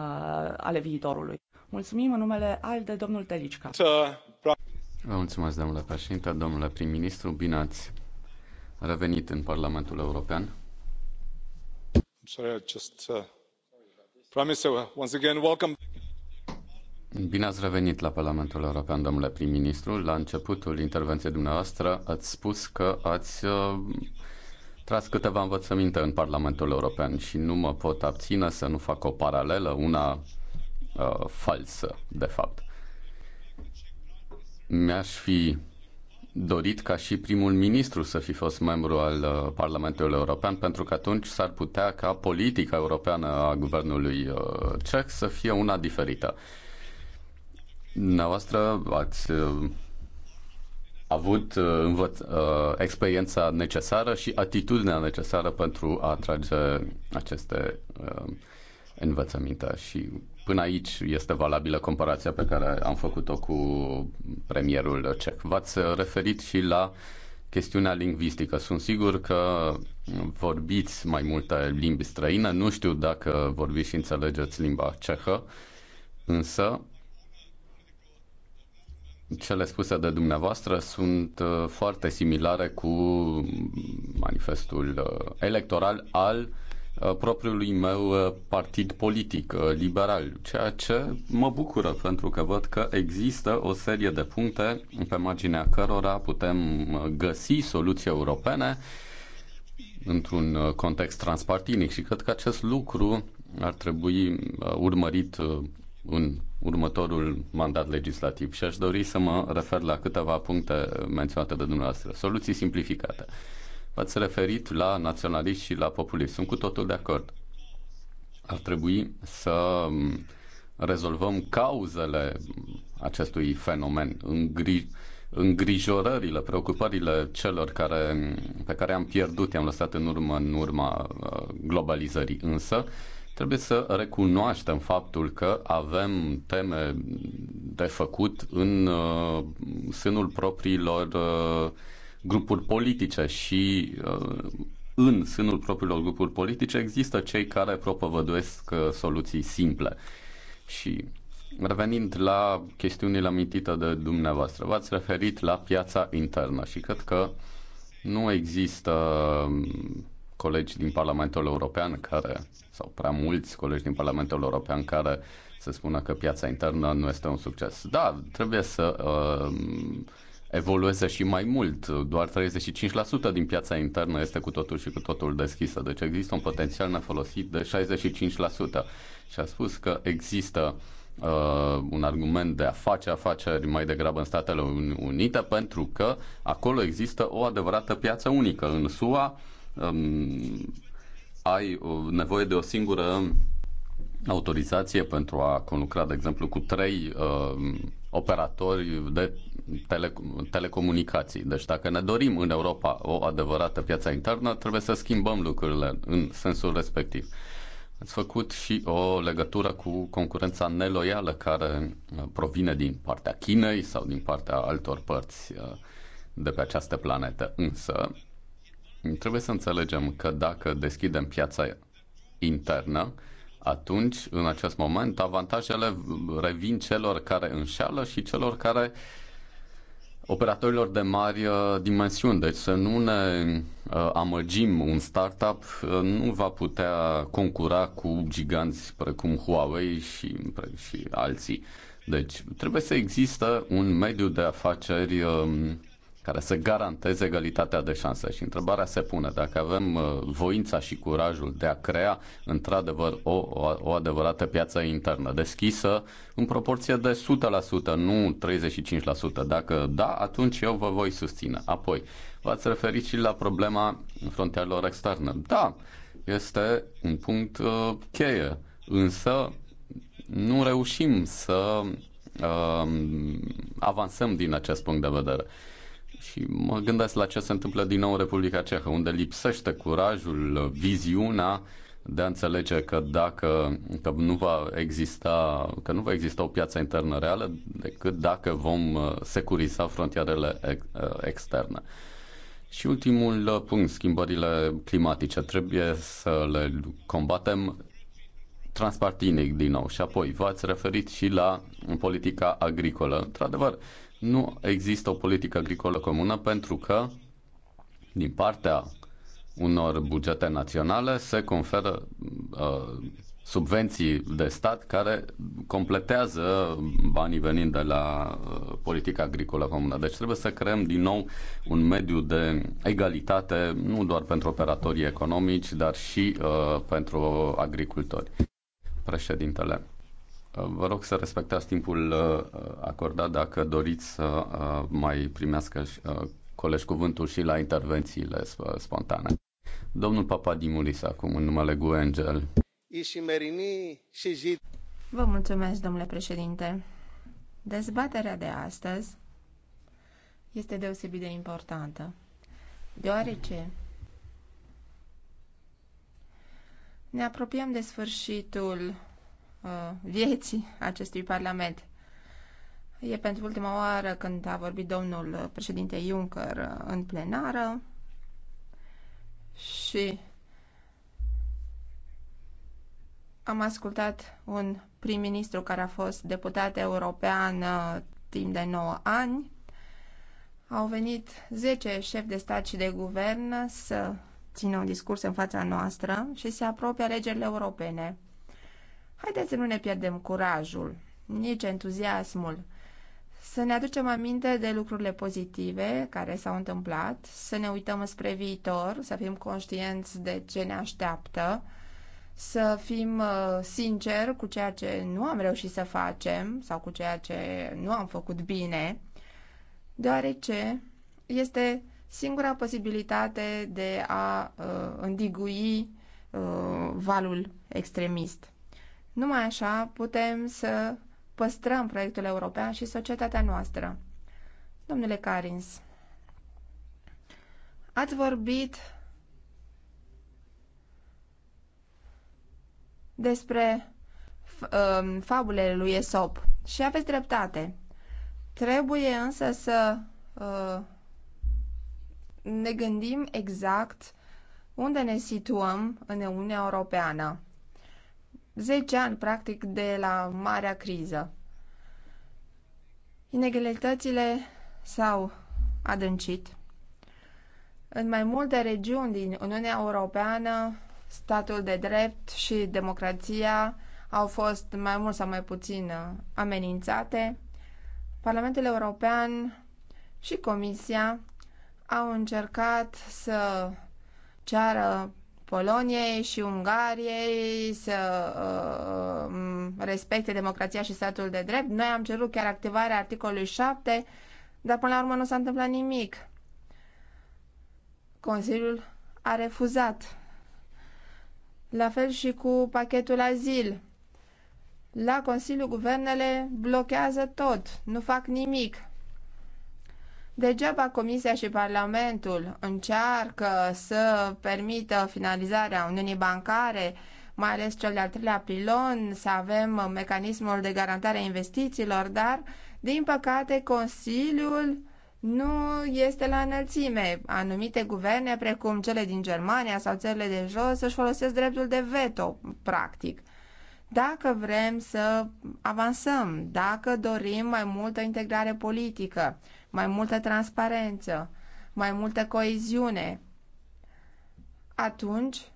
ale viitorului. Mulțumim în numele al de domnul Telicca. Vă mulțumesc, domnule președinte, domnule prim-ministru, bine ați revenit în Parlamentul European. Sorry, just, uh, promise, uh, once again, welcome. Bine ați revenit la Parlamentul European, domnule prim-ministru. La începutul intervenției dumneavoastră ați spus că ați uh, tras câteva învățăminte în Parlamentul European și nu mă pot abține să nu fac o paralelă, una uh, falsă, de fapt. Mi-aș fi dorit ca și primul ministru să fi fost membru al uh, Parlamentului European, pentru că atunci s-ar putea ca politica europeană a guvernului uh, cec să fie una diferită. Dumneavoastră ați uh, avut uh, învăț, uh, experiența necesară și atitudinea necesară pentru a atrage aceste învățăminte și până aici este valabilă comparația pe care am făcut-o cu premierul cec. V-ați referit și la chestiunea lingvistică. Sunt sigur că vorbiți mai multe limbi străine, nu știu dacă vorbiți și înțelegeți limba cehă, însă cele spuse de dumneavoastră sunt uh, foarte similare cu manifestul uh, electoral al uh, propriului meu partid politic liberal, ceea ce mă bucură pentru că văd că există o serie de puncte pe marginea cărora putem găsi soluții europene într-un context transpartinic și cred că acest lucru ar trebui urmărit în următorul mandat legislativ și aș dori să mă refer la câteva puncte menționate de dumneavoastră. Soluții simplificate. V-ați referit la naționaliști și la populiști. Sunt cu totul de acord. Ar trebui să rezolvăm cauzele acestui fenomen, îngri, îngrijorările, preocupările celor care, pe care am pierdut, i-am lăsat în urmă în urma uh, globalizării. Însă, Trebuie să recunoaștem faptul că avem teme de făcut în uh, sânul propriilor uh, grupuri politice și uh, în sânul propriilor grupuri politice există cei care propovăduiesc soluții simple. Și revenind la chestiunile amintite de dumneavoastră, v-ați referit la piața internă și cred că nu există colegi din Parlamentul European care, sau prea mulți colegi din Parlamentul European care să spună că piața internă nu este un succes. Da, trebuie să uh, evolueze și mai mult. Doar 35% din piața internă este cu totul și cu totul deschisă. Deci există un potențial nefolosit de 65%. Și a spus că există uh, un argument de a face afaceri mai degrabă în Statele Unite pentru că acolo există o adevărată piață unică. În SUA um, ai nevoie de o singură autorizație pentru a conlucra, de exemplu, cu trei uh, operatori de tele, telecomunicații. Deci dacă ne dorim în Europa o adevărată piață internă, trebuie să schimbăm lucrurile în sensul respectiv. Ați făcut și o legătură cu concurența neloială care uh, provine din partea Chinei sau din partea altor părți uh, de pe această planetă. Însă, Trebuie să înțelegem că dacă deschidem piața internă, atunci, în acest moment, avantajele revin celor care înșeală și celor care operatorilor de mari uh, dimensiuni. Deci să nu ne uh, amăgim, un startup uh, nu va putea concura cu giganți precum Huawei și, și alții. Deci trebuie să există un mediu de afaceri um, care să garanteze egalitatea de șanse. Și întrebarea se pune dacă avem uh, voința și curajul de a crea într-adevăr o, o, o adevărată piață internă deschisă în proporție de 100%, nu 35%. Dacă da, atunci eu vă voi susține. Apoi, v-ați referit și la problema frontierelor externe. Da, este un punct uh, cheie, însă nu reușim să uh, avansăm din acest punct de vedere. Uh, și mă gândesc la ce se întâmplă din nou în Republica Cehă, unde lipsește curajul, viziunea de a înțelege că dacă că nu va exista că nu va exista o piață internă reală decât dacă vom uh, securiza frontierele uh, externe. Și ultimul uh, punct, schimbările climatice. Trebuie să le combatem transpartinic din nou. Și apoi v-ați referit și la politica agricolă. Într-adevăr, nu există o politică agricolă comună pentru că din partea unor bugete naționale se conferă uh, subvenții de stat care completează banii venind de la uh, politica agricolă comună. Deci trebuie să creăm din nou un mediu de egalitate, nu doar pentru operatorii economici, dar și uh, pentru agricultori. Președintele. Vă rog să respectați timpul uh, acordat dacă doriți să uh, mai primească uh, colegi cuvântul și la intervențiile spontane. Domnul Papadimulis acum în numele Guengel. Vă mulțumesc, domnule președinte. Dezbaterea de astăzi este deosebit de importantă, deoarece ne apropiem de sfârșitul Uh, vieții acestui Parlament. E pentru ultima oară când a vorbit domnul președinte Juncker în plenară și am ascultat un prim-ministru care a fost deputat european uh, timp de 9 ani. Au venit 10 șefi de stat și de guvern să țină un discurs în fața noastră și se apropie alegerile europene. Haideți să nu ne pierdem curajul, nici entuziasmul. Să ne aducem aminte de lucrurile pozitive care s-au întâmplat, să ne uităm spre viitor, să fim conștienți de ce ne așteaptă, să fim uh, sinceri cu ceea ce nu am reușit să facem sau cu ceea ce nu am făcut bine, deoarece este singura posibilitate de a uh, îndigui uh, valul extremist. Numai așa putem să păstrăm proiectul european și societatea noastră. Domnule Carins, ați vorbit despre um, fabulele lui Esop și aveți dreptate. Trebuie însă să uh, ne gândim exact unde ne situăm în Uniunea Europeană. 10 ani, practic, de la marea criză. Inegalitățile s-au adâncit. În mai multe regiuni din Uniunea Europeană, statul de drept și democrația au fost mai mult sau mai puțin amenințate. Parlamentul European și Comisia au încercat să ceară Poloniei și Ungariei să uh, uh um, respecte democrația și statul de drept. Noi am cerut chiar activarea articolului 7, dar până la urmă nu s-a întâmplat nimic. Consiliul a refuzat. La fel și cu pachetul azil. La Consiliu, guvernele blochează tot, nu fac nimic. Degeaba Comisia și Parlamentul încearcă să permită finalizarea Uniunii Bancare, mai ales cel de-al treilea pilon, să avem mecanismul de garantare a investițiilor, dar, din păcate, Consiliul nu este la înălțime. Anumite guverne, precum cele din Germania sau țările de jos, își folosesc dreptul de veto, practic. Dacă vrem să avansăm, dacă dorim mai multă integrare politică, mai multă transparență, mai multă coeziune, atunci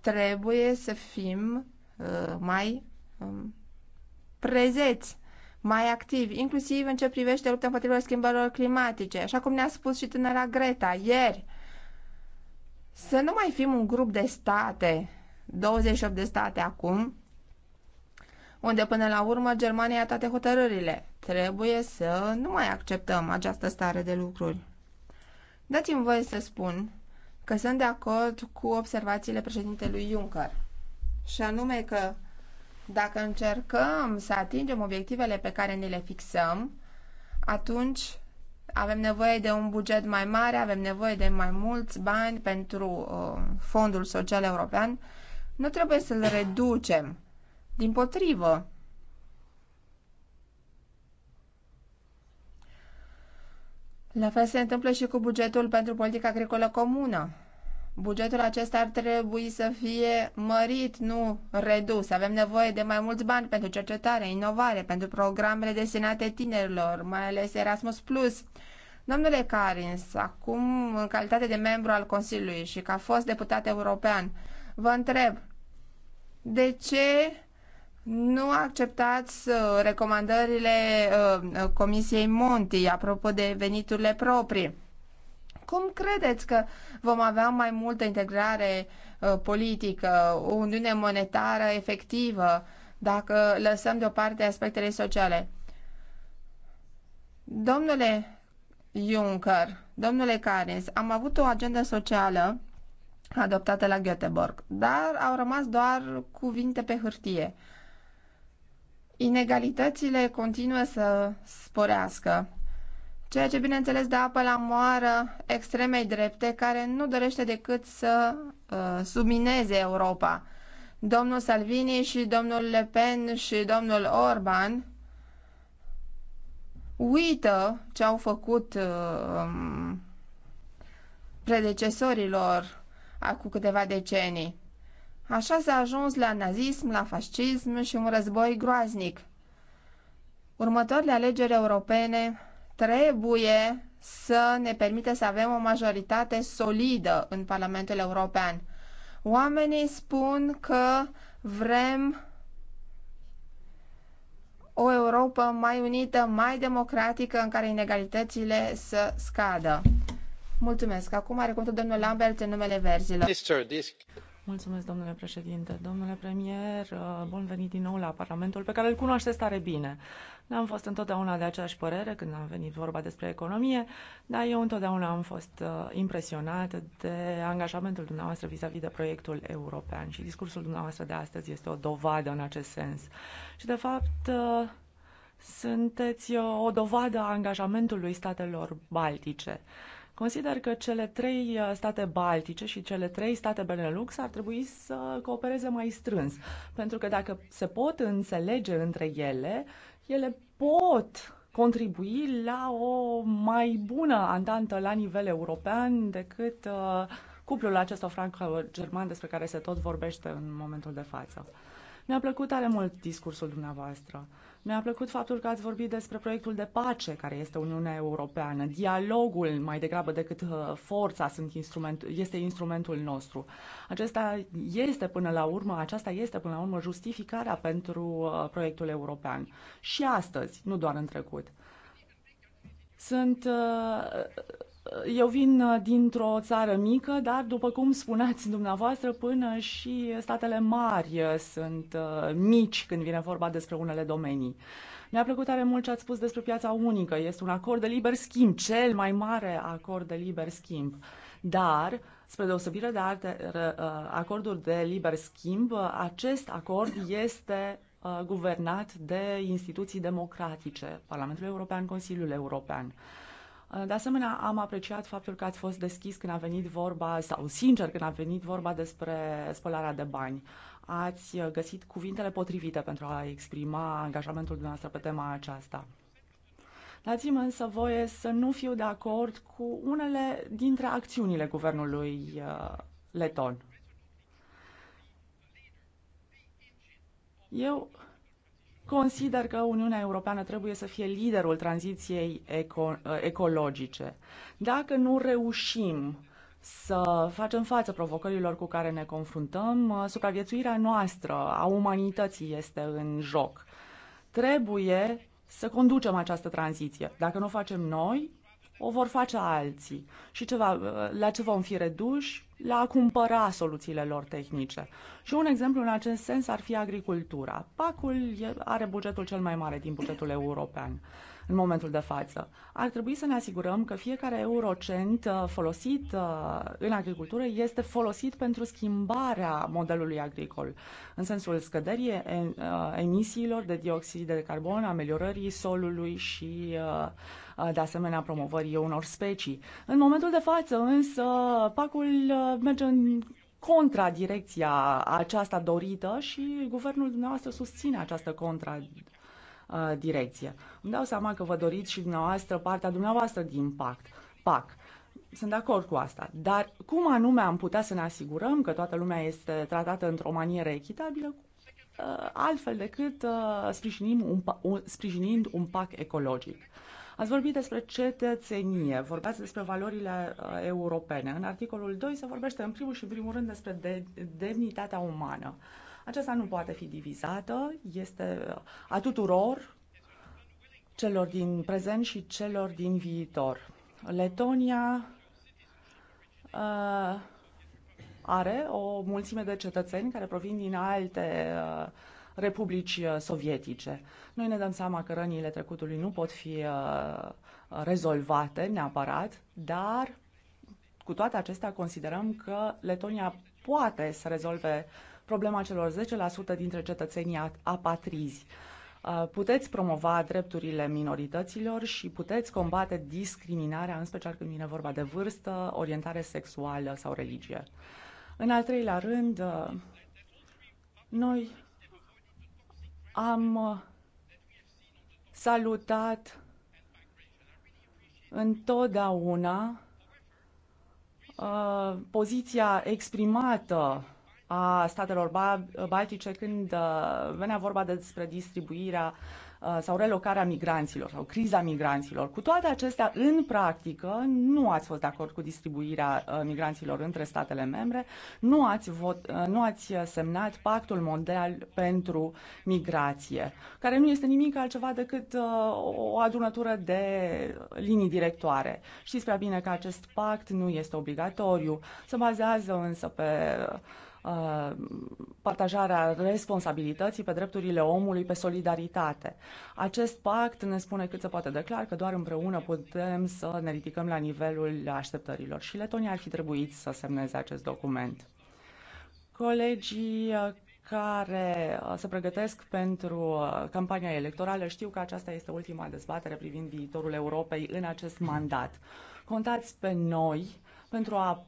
trebuie să fim uh, mai um, prezeți, mai activi, inclusiv în ce privește lupta împotriva schimbărilor climatice, așa cum ne-a spus și tânăra Greta ieri. Să nu mai fim un grup de state, 28 de state acum, unde până la urmă Germania a toate hotărârile. Trebuie să nu mai acceptăm această stare de lucruri. Dați-mi voie să spun că sunt de acord cu observațiile președintelui Juncker, și anume că dacă încercăm să atingem obiectivele pe care ni le fixăm, atunci avem nevoie de un buget mai mare, avem nevoie de mai mulți bani pentru uh, Fondul Social European. Nu trebuie să-l reducem din potrivă, La fel se întâmplă și cu bugetul pentru politica agricolă comună. Bugetul acesta ar trebui să fie mărit, nu redus. Avem nevoie de mai mulți bani pentru cercetare, inovare, pentru programele destinate tinerilor, mai ales Erasmus+. Plus. Domnule Carins, acum în calitate de membru al Consiliului și ca fost deputat european, vă întreb, de ce nu acceptați uh, recomandările uh, Comisiei Monti apropo de veniturile proprii. Cum credeți că vom avea mai multă integrare uh, politică, o uniune monetară efectivă, dacă lăsăm deoparte aspectele sociale? Domnule Juncker, domnule Carins, am avut o agendă socială adoptată la Göteborg, dar au rămas doar cuvinte pe hârtie. Inegalitățile continuă să sporească, ceea ce bineînțeles dă apă la moară extremei drepte care nu dorește decât să uh, submineze Europa. Domnul Salvini și domnul Le Pen și domnul Orban uită ce au făcut uh, um, predecesorilor acum câteva decenii. Așa s-a ajuns la nazism, la fascism și un război groaznic. Următoarele alegeri europene trebuie să ne permită să avem o majoritate solidă în Parlamentul European. Oamenii spun că vrem o Europa mai unită, mai democratică, în care inegalitățile să scadă. Mulțumesc. Acum are cuvântul domnul Lambert în numele verzilor. Mulțumesc, domnule președinte. Domnule premier, uh, bun venit din nou la Parlamentul pe care îl cunoașteți tare bine. N-am fost întotdeauna de aceeași părere când am venit vorba despre economie, dar eu întotdeauna am fost uh, impresionat de angajamentul dumneavoastră vis-a-vis -vis de proiectul european și discursul dumneavoastră de astăzi este o dovadă în acest sens. Și, de fapt, uh, sunteți o dovadă a angajamentului statelor baltice. Consider că cele trei uh, state baltice și cele trei state Benelux ar trebui să coopereze mai strâns, pentru că dacă se pot înțelege între ele, ele pot contribui la o mai bună andantă la nivel european decât uh, cuplul acesta franco-german despre care se tot vorbește în momentul de față. Mi-a plăcut tare mult discursul dumneavoastră. Uh, mi-a plăcut faptul că ați vorbit despre proiectul de pace care este Uniunea Europeană. Dialogul, mai degrabă decât uh, forța, sunt instrument, este instrumentul nostru. Acesta este până la urmă, aceasta este până la urmă justificarea pentru uh, proiectul european. Și astăzi, nu doar în trecut. Sunt uh, eu vin uh, dintr-o țară mică, dar după cum spuneați dumneavoastră, până și statele mari uh, sunt uh, mici când vine vorba despre unele domenii. Mi-a plăcut tare mult ce ați spus despre piața unică. Este un acord de liber schimb, cel mai mare acord de liber schimb. Dar, spre deosebire de alte acorduri de liber schimb, acest acord este guvernat de instituții democratice, Parlamentul European, Consiliul European. Eh, de asemenea, am apreciat faptul că ați fost deschis când a venit vorba, sau sincer când a venit vorba despre spălarea de bani. Ați eh, găsit cuvintele potrivite pentru a exprima angajamentul dumneavoastră pe tema aceasta. Dați-mi însă voie să nu fiu de acord cu unele dintre acțiunile guvernului eh, leton. Eu consider că Uniunea Europeană trebuie să fie liderul tranziției eco- ă, ecologice. Dacă nu reușim să facem față provocărilor cu care ne confruntăm, ă, supraviețuirea noastră, a umanității, este în joc. Trebuie să conducem această tranziție. Dacă nu o facem noi, o vor face alții. Și ce va, ă, la ce vom fi reduși? la a cumpăra soluțiile lor tehnice. Și un exemplu în acest sens ar fi agricultura. PAC-ul are bugetul cel mai mare din bugetul european. Uh, în momentul de față. Ar trebui să ne asigurăm că fiecare eurocent uh, folosit uh, în agricultură este folosit pentru schimbarea modelului agricol, în sensul scăderii uh, emisiilor de dioxid de carbon, ameliorării solului și de asemenea promovării unor specii. În momentul de față, însă, pacul merge în contradirecția aceasta dorită și guvernul dumneavoastră susține această contradirecție Uh, direcție. Îmi dau seama că vă doriți și dumneavoastră partea dumneavoastră din pact. PAC. Sunt de acord cu asta, dar cum anume am putea să ne asigurăm că toată lumea este tratată într-o manieră echitabilă, uh, altfel decât uh, sprijinim un, un, sprijinind un pact ecologic? Ați vorbit despre cetățenie, vorbeați despre valorile uh, europene. În articolul 2 se vorbește în primul și în primul rând despre de, demnitatea umană. Uh, aceasta nu poate fi divizată, este uh, a tuturor celor din prezent și celor din viitor. Letonia uh, are o mulțime de cetățeni care provin din alte uh, republici uh, sovietice. Noi ne dăm seama că rănile trecutului nu pot fi uh, rezolvate neapărat, dar cu toate acestea considerăm că Letonia poate să rezolve problema celor 10% dintre cetățenii apatrizi. Puteți promova drepturile minorităților și puteți combate discriminarea, în special când vine vorba de vârstă, orientare sexuală sau religie. În al treilea rând, noi am salutat întotdeauna poziția exprimată a statelor baltice când uh, venea vorba despre distribuirea uh, sau relocarea migranților sau criza migranților. Cu toate acestea, în practică, nu ați fost de acord cu distribuirea uh, migranților între statele membre, nu ați, vot, nu ați semnat Pactul Mondial pentru Migrație, care nu este nimic altceva decât o adunătură de linii directoare. Știți prea bine că acest pact nu este obligatoriu, se bazează însă pe Uh, partajarea responsabilității pe drepturile omului, pe solidaritate. Acest pact ne spune cât se poate declar că doar împreună putem să ne ridicăm la nivelul așteptărilor și Letonia ar fi trebuit să semneze acest document. Colegii uh, care uh, se pregătesc pentru campania electorală știu că aceasta este ultima dezbatere privind viitorul Europei în acest mandat. Contați pe noi pentru a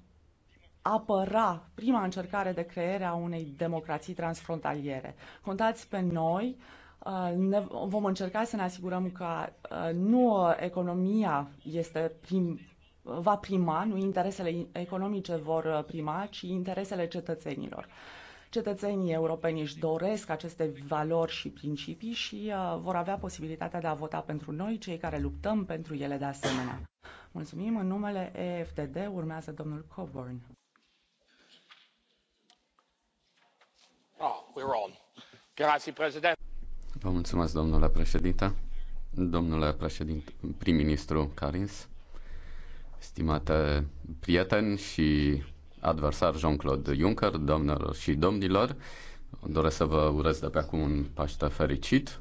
apăra prima încercare de creare a unei democrații transfrontaliere. Contați pe noi, uh, ne vom încerca să ne asigurăm că uh, nu uh, economia este prim, va prima, nu interesele economice vor prima, ci interesele cetățenilor. Cetățenii europeni își doresc aceste valori și principii și vor avea posibilitatea de a vota pentru noi, cei care luptăm pentru ele de asemenea. Mulțumim. În numele EFTD urmează domnul Coburn. Vă mulțumesc, domnule președinte. Domnule președinte, prim-ministru Carins, stimate prieteni și adversar Jean-Claude Juncker, domnilor și domnilor, doresc să vă urez de pe acum un Paște fericit.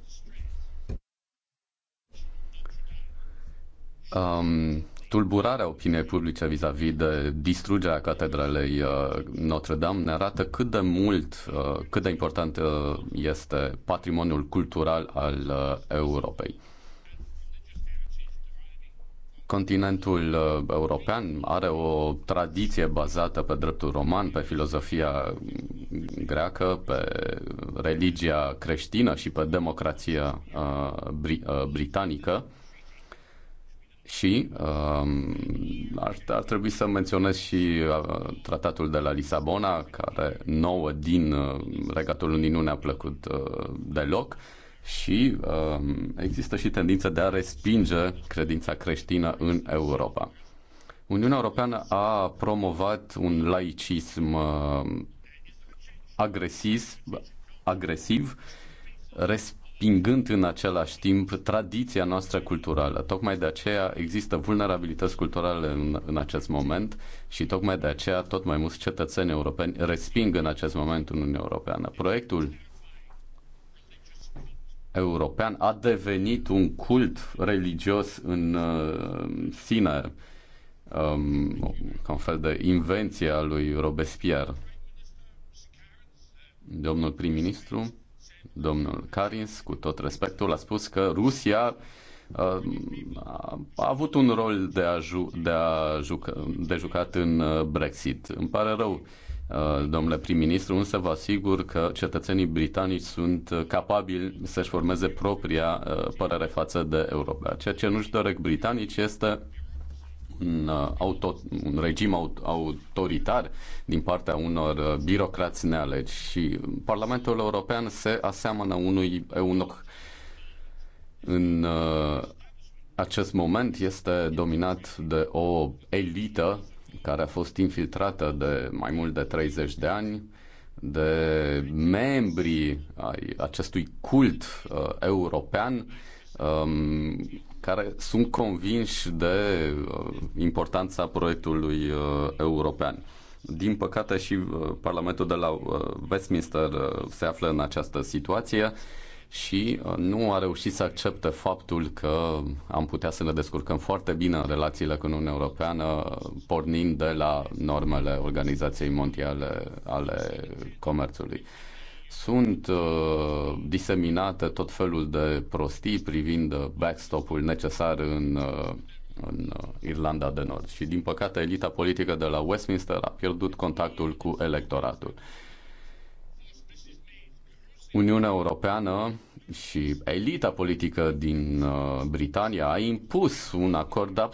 Um, tulburarea opiniei publice vis-a-vis -vis de distrugerea catedralei uh, Notre-Dame ne arată cât de mult, uh, cât de important uh, este patrimoniul cultural al Europei. Continentul european are o tradiție bazată pe dreptul roman, pe filozofia greacă, pe religia creștină și pe democrația uh, bri- uh, britanică. Și uh, ar, ar trebui să menționez și uh, tratatul de la Lisabona, care nouă din uh, Regatul Unii nu ne-a plăcut uh, deloc. Și uh, există și tendința de a respinge credința creștină în Europa. Uniunea Europeană a promovat un laicism uh, agresiv, agresiv res, respingând în același timp tradiția noastră culturală. Tocmai de aceea există vulnerabilități culturale în, în acest moment și tocmai de aceea tot mai mulți cetățeni europeni resping în acest moment Uniunea Europeană. Proiectul european a devenit un cult religios în uh, sine, um, ca un fel de invenție a lui Robespierre. Domnul prim-ministru Domnul Karins, cu tot respectul, a spus că Rusia uh, a, avut un rol de a, ju- de a juca- de jucat în uh, Brexit. Îmi pare rău, uh, domnule prim-ministru, însă vă asigur că cetățenii britanici sunt capabili să-și formeze propria părere față de Europa. Ceea ce nu-și doresc britanici este un, uh, auto, un regim aut, autoritar din partea unor uh, birocrați nealegi și Parlamentul European se aseamănă unui eunuch. În uh, acest moment este dominat de o elită care a fost infiltrată de mai mult de 30 de ani, de membrii ai acestui cult uh, european um, care sunt convinși de uh, importanța proiectului uh, european. Din păcate și uh, Parlamentul de la Westminster se află în această situație și nu a reușit să accepte faptul că am putea să ne descurcăm foarte bine în relațiile cu Uniunea Europeană, pornind de la normele Organizației Mondiale ale Comerțului sunt uh, diseminate tot felul de prostii privind uh, backstop-ul necesar în, uh, în uh, Irlanda de Nord. Și, din păcate, elita politică de la Westminster a pierdut contactul cu electoratul. Uniunea Europeană și elita politică din uh, Britania a impus un acord absolut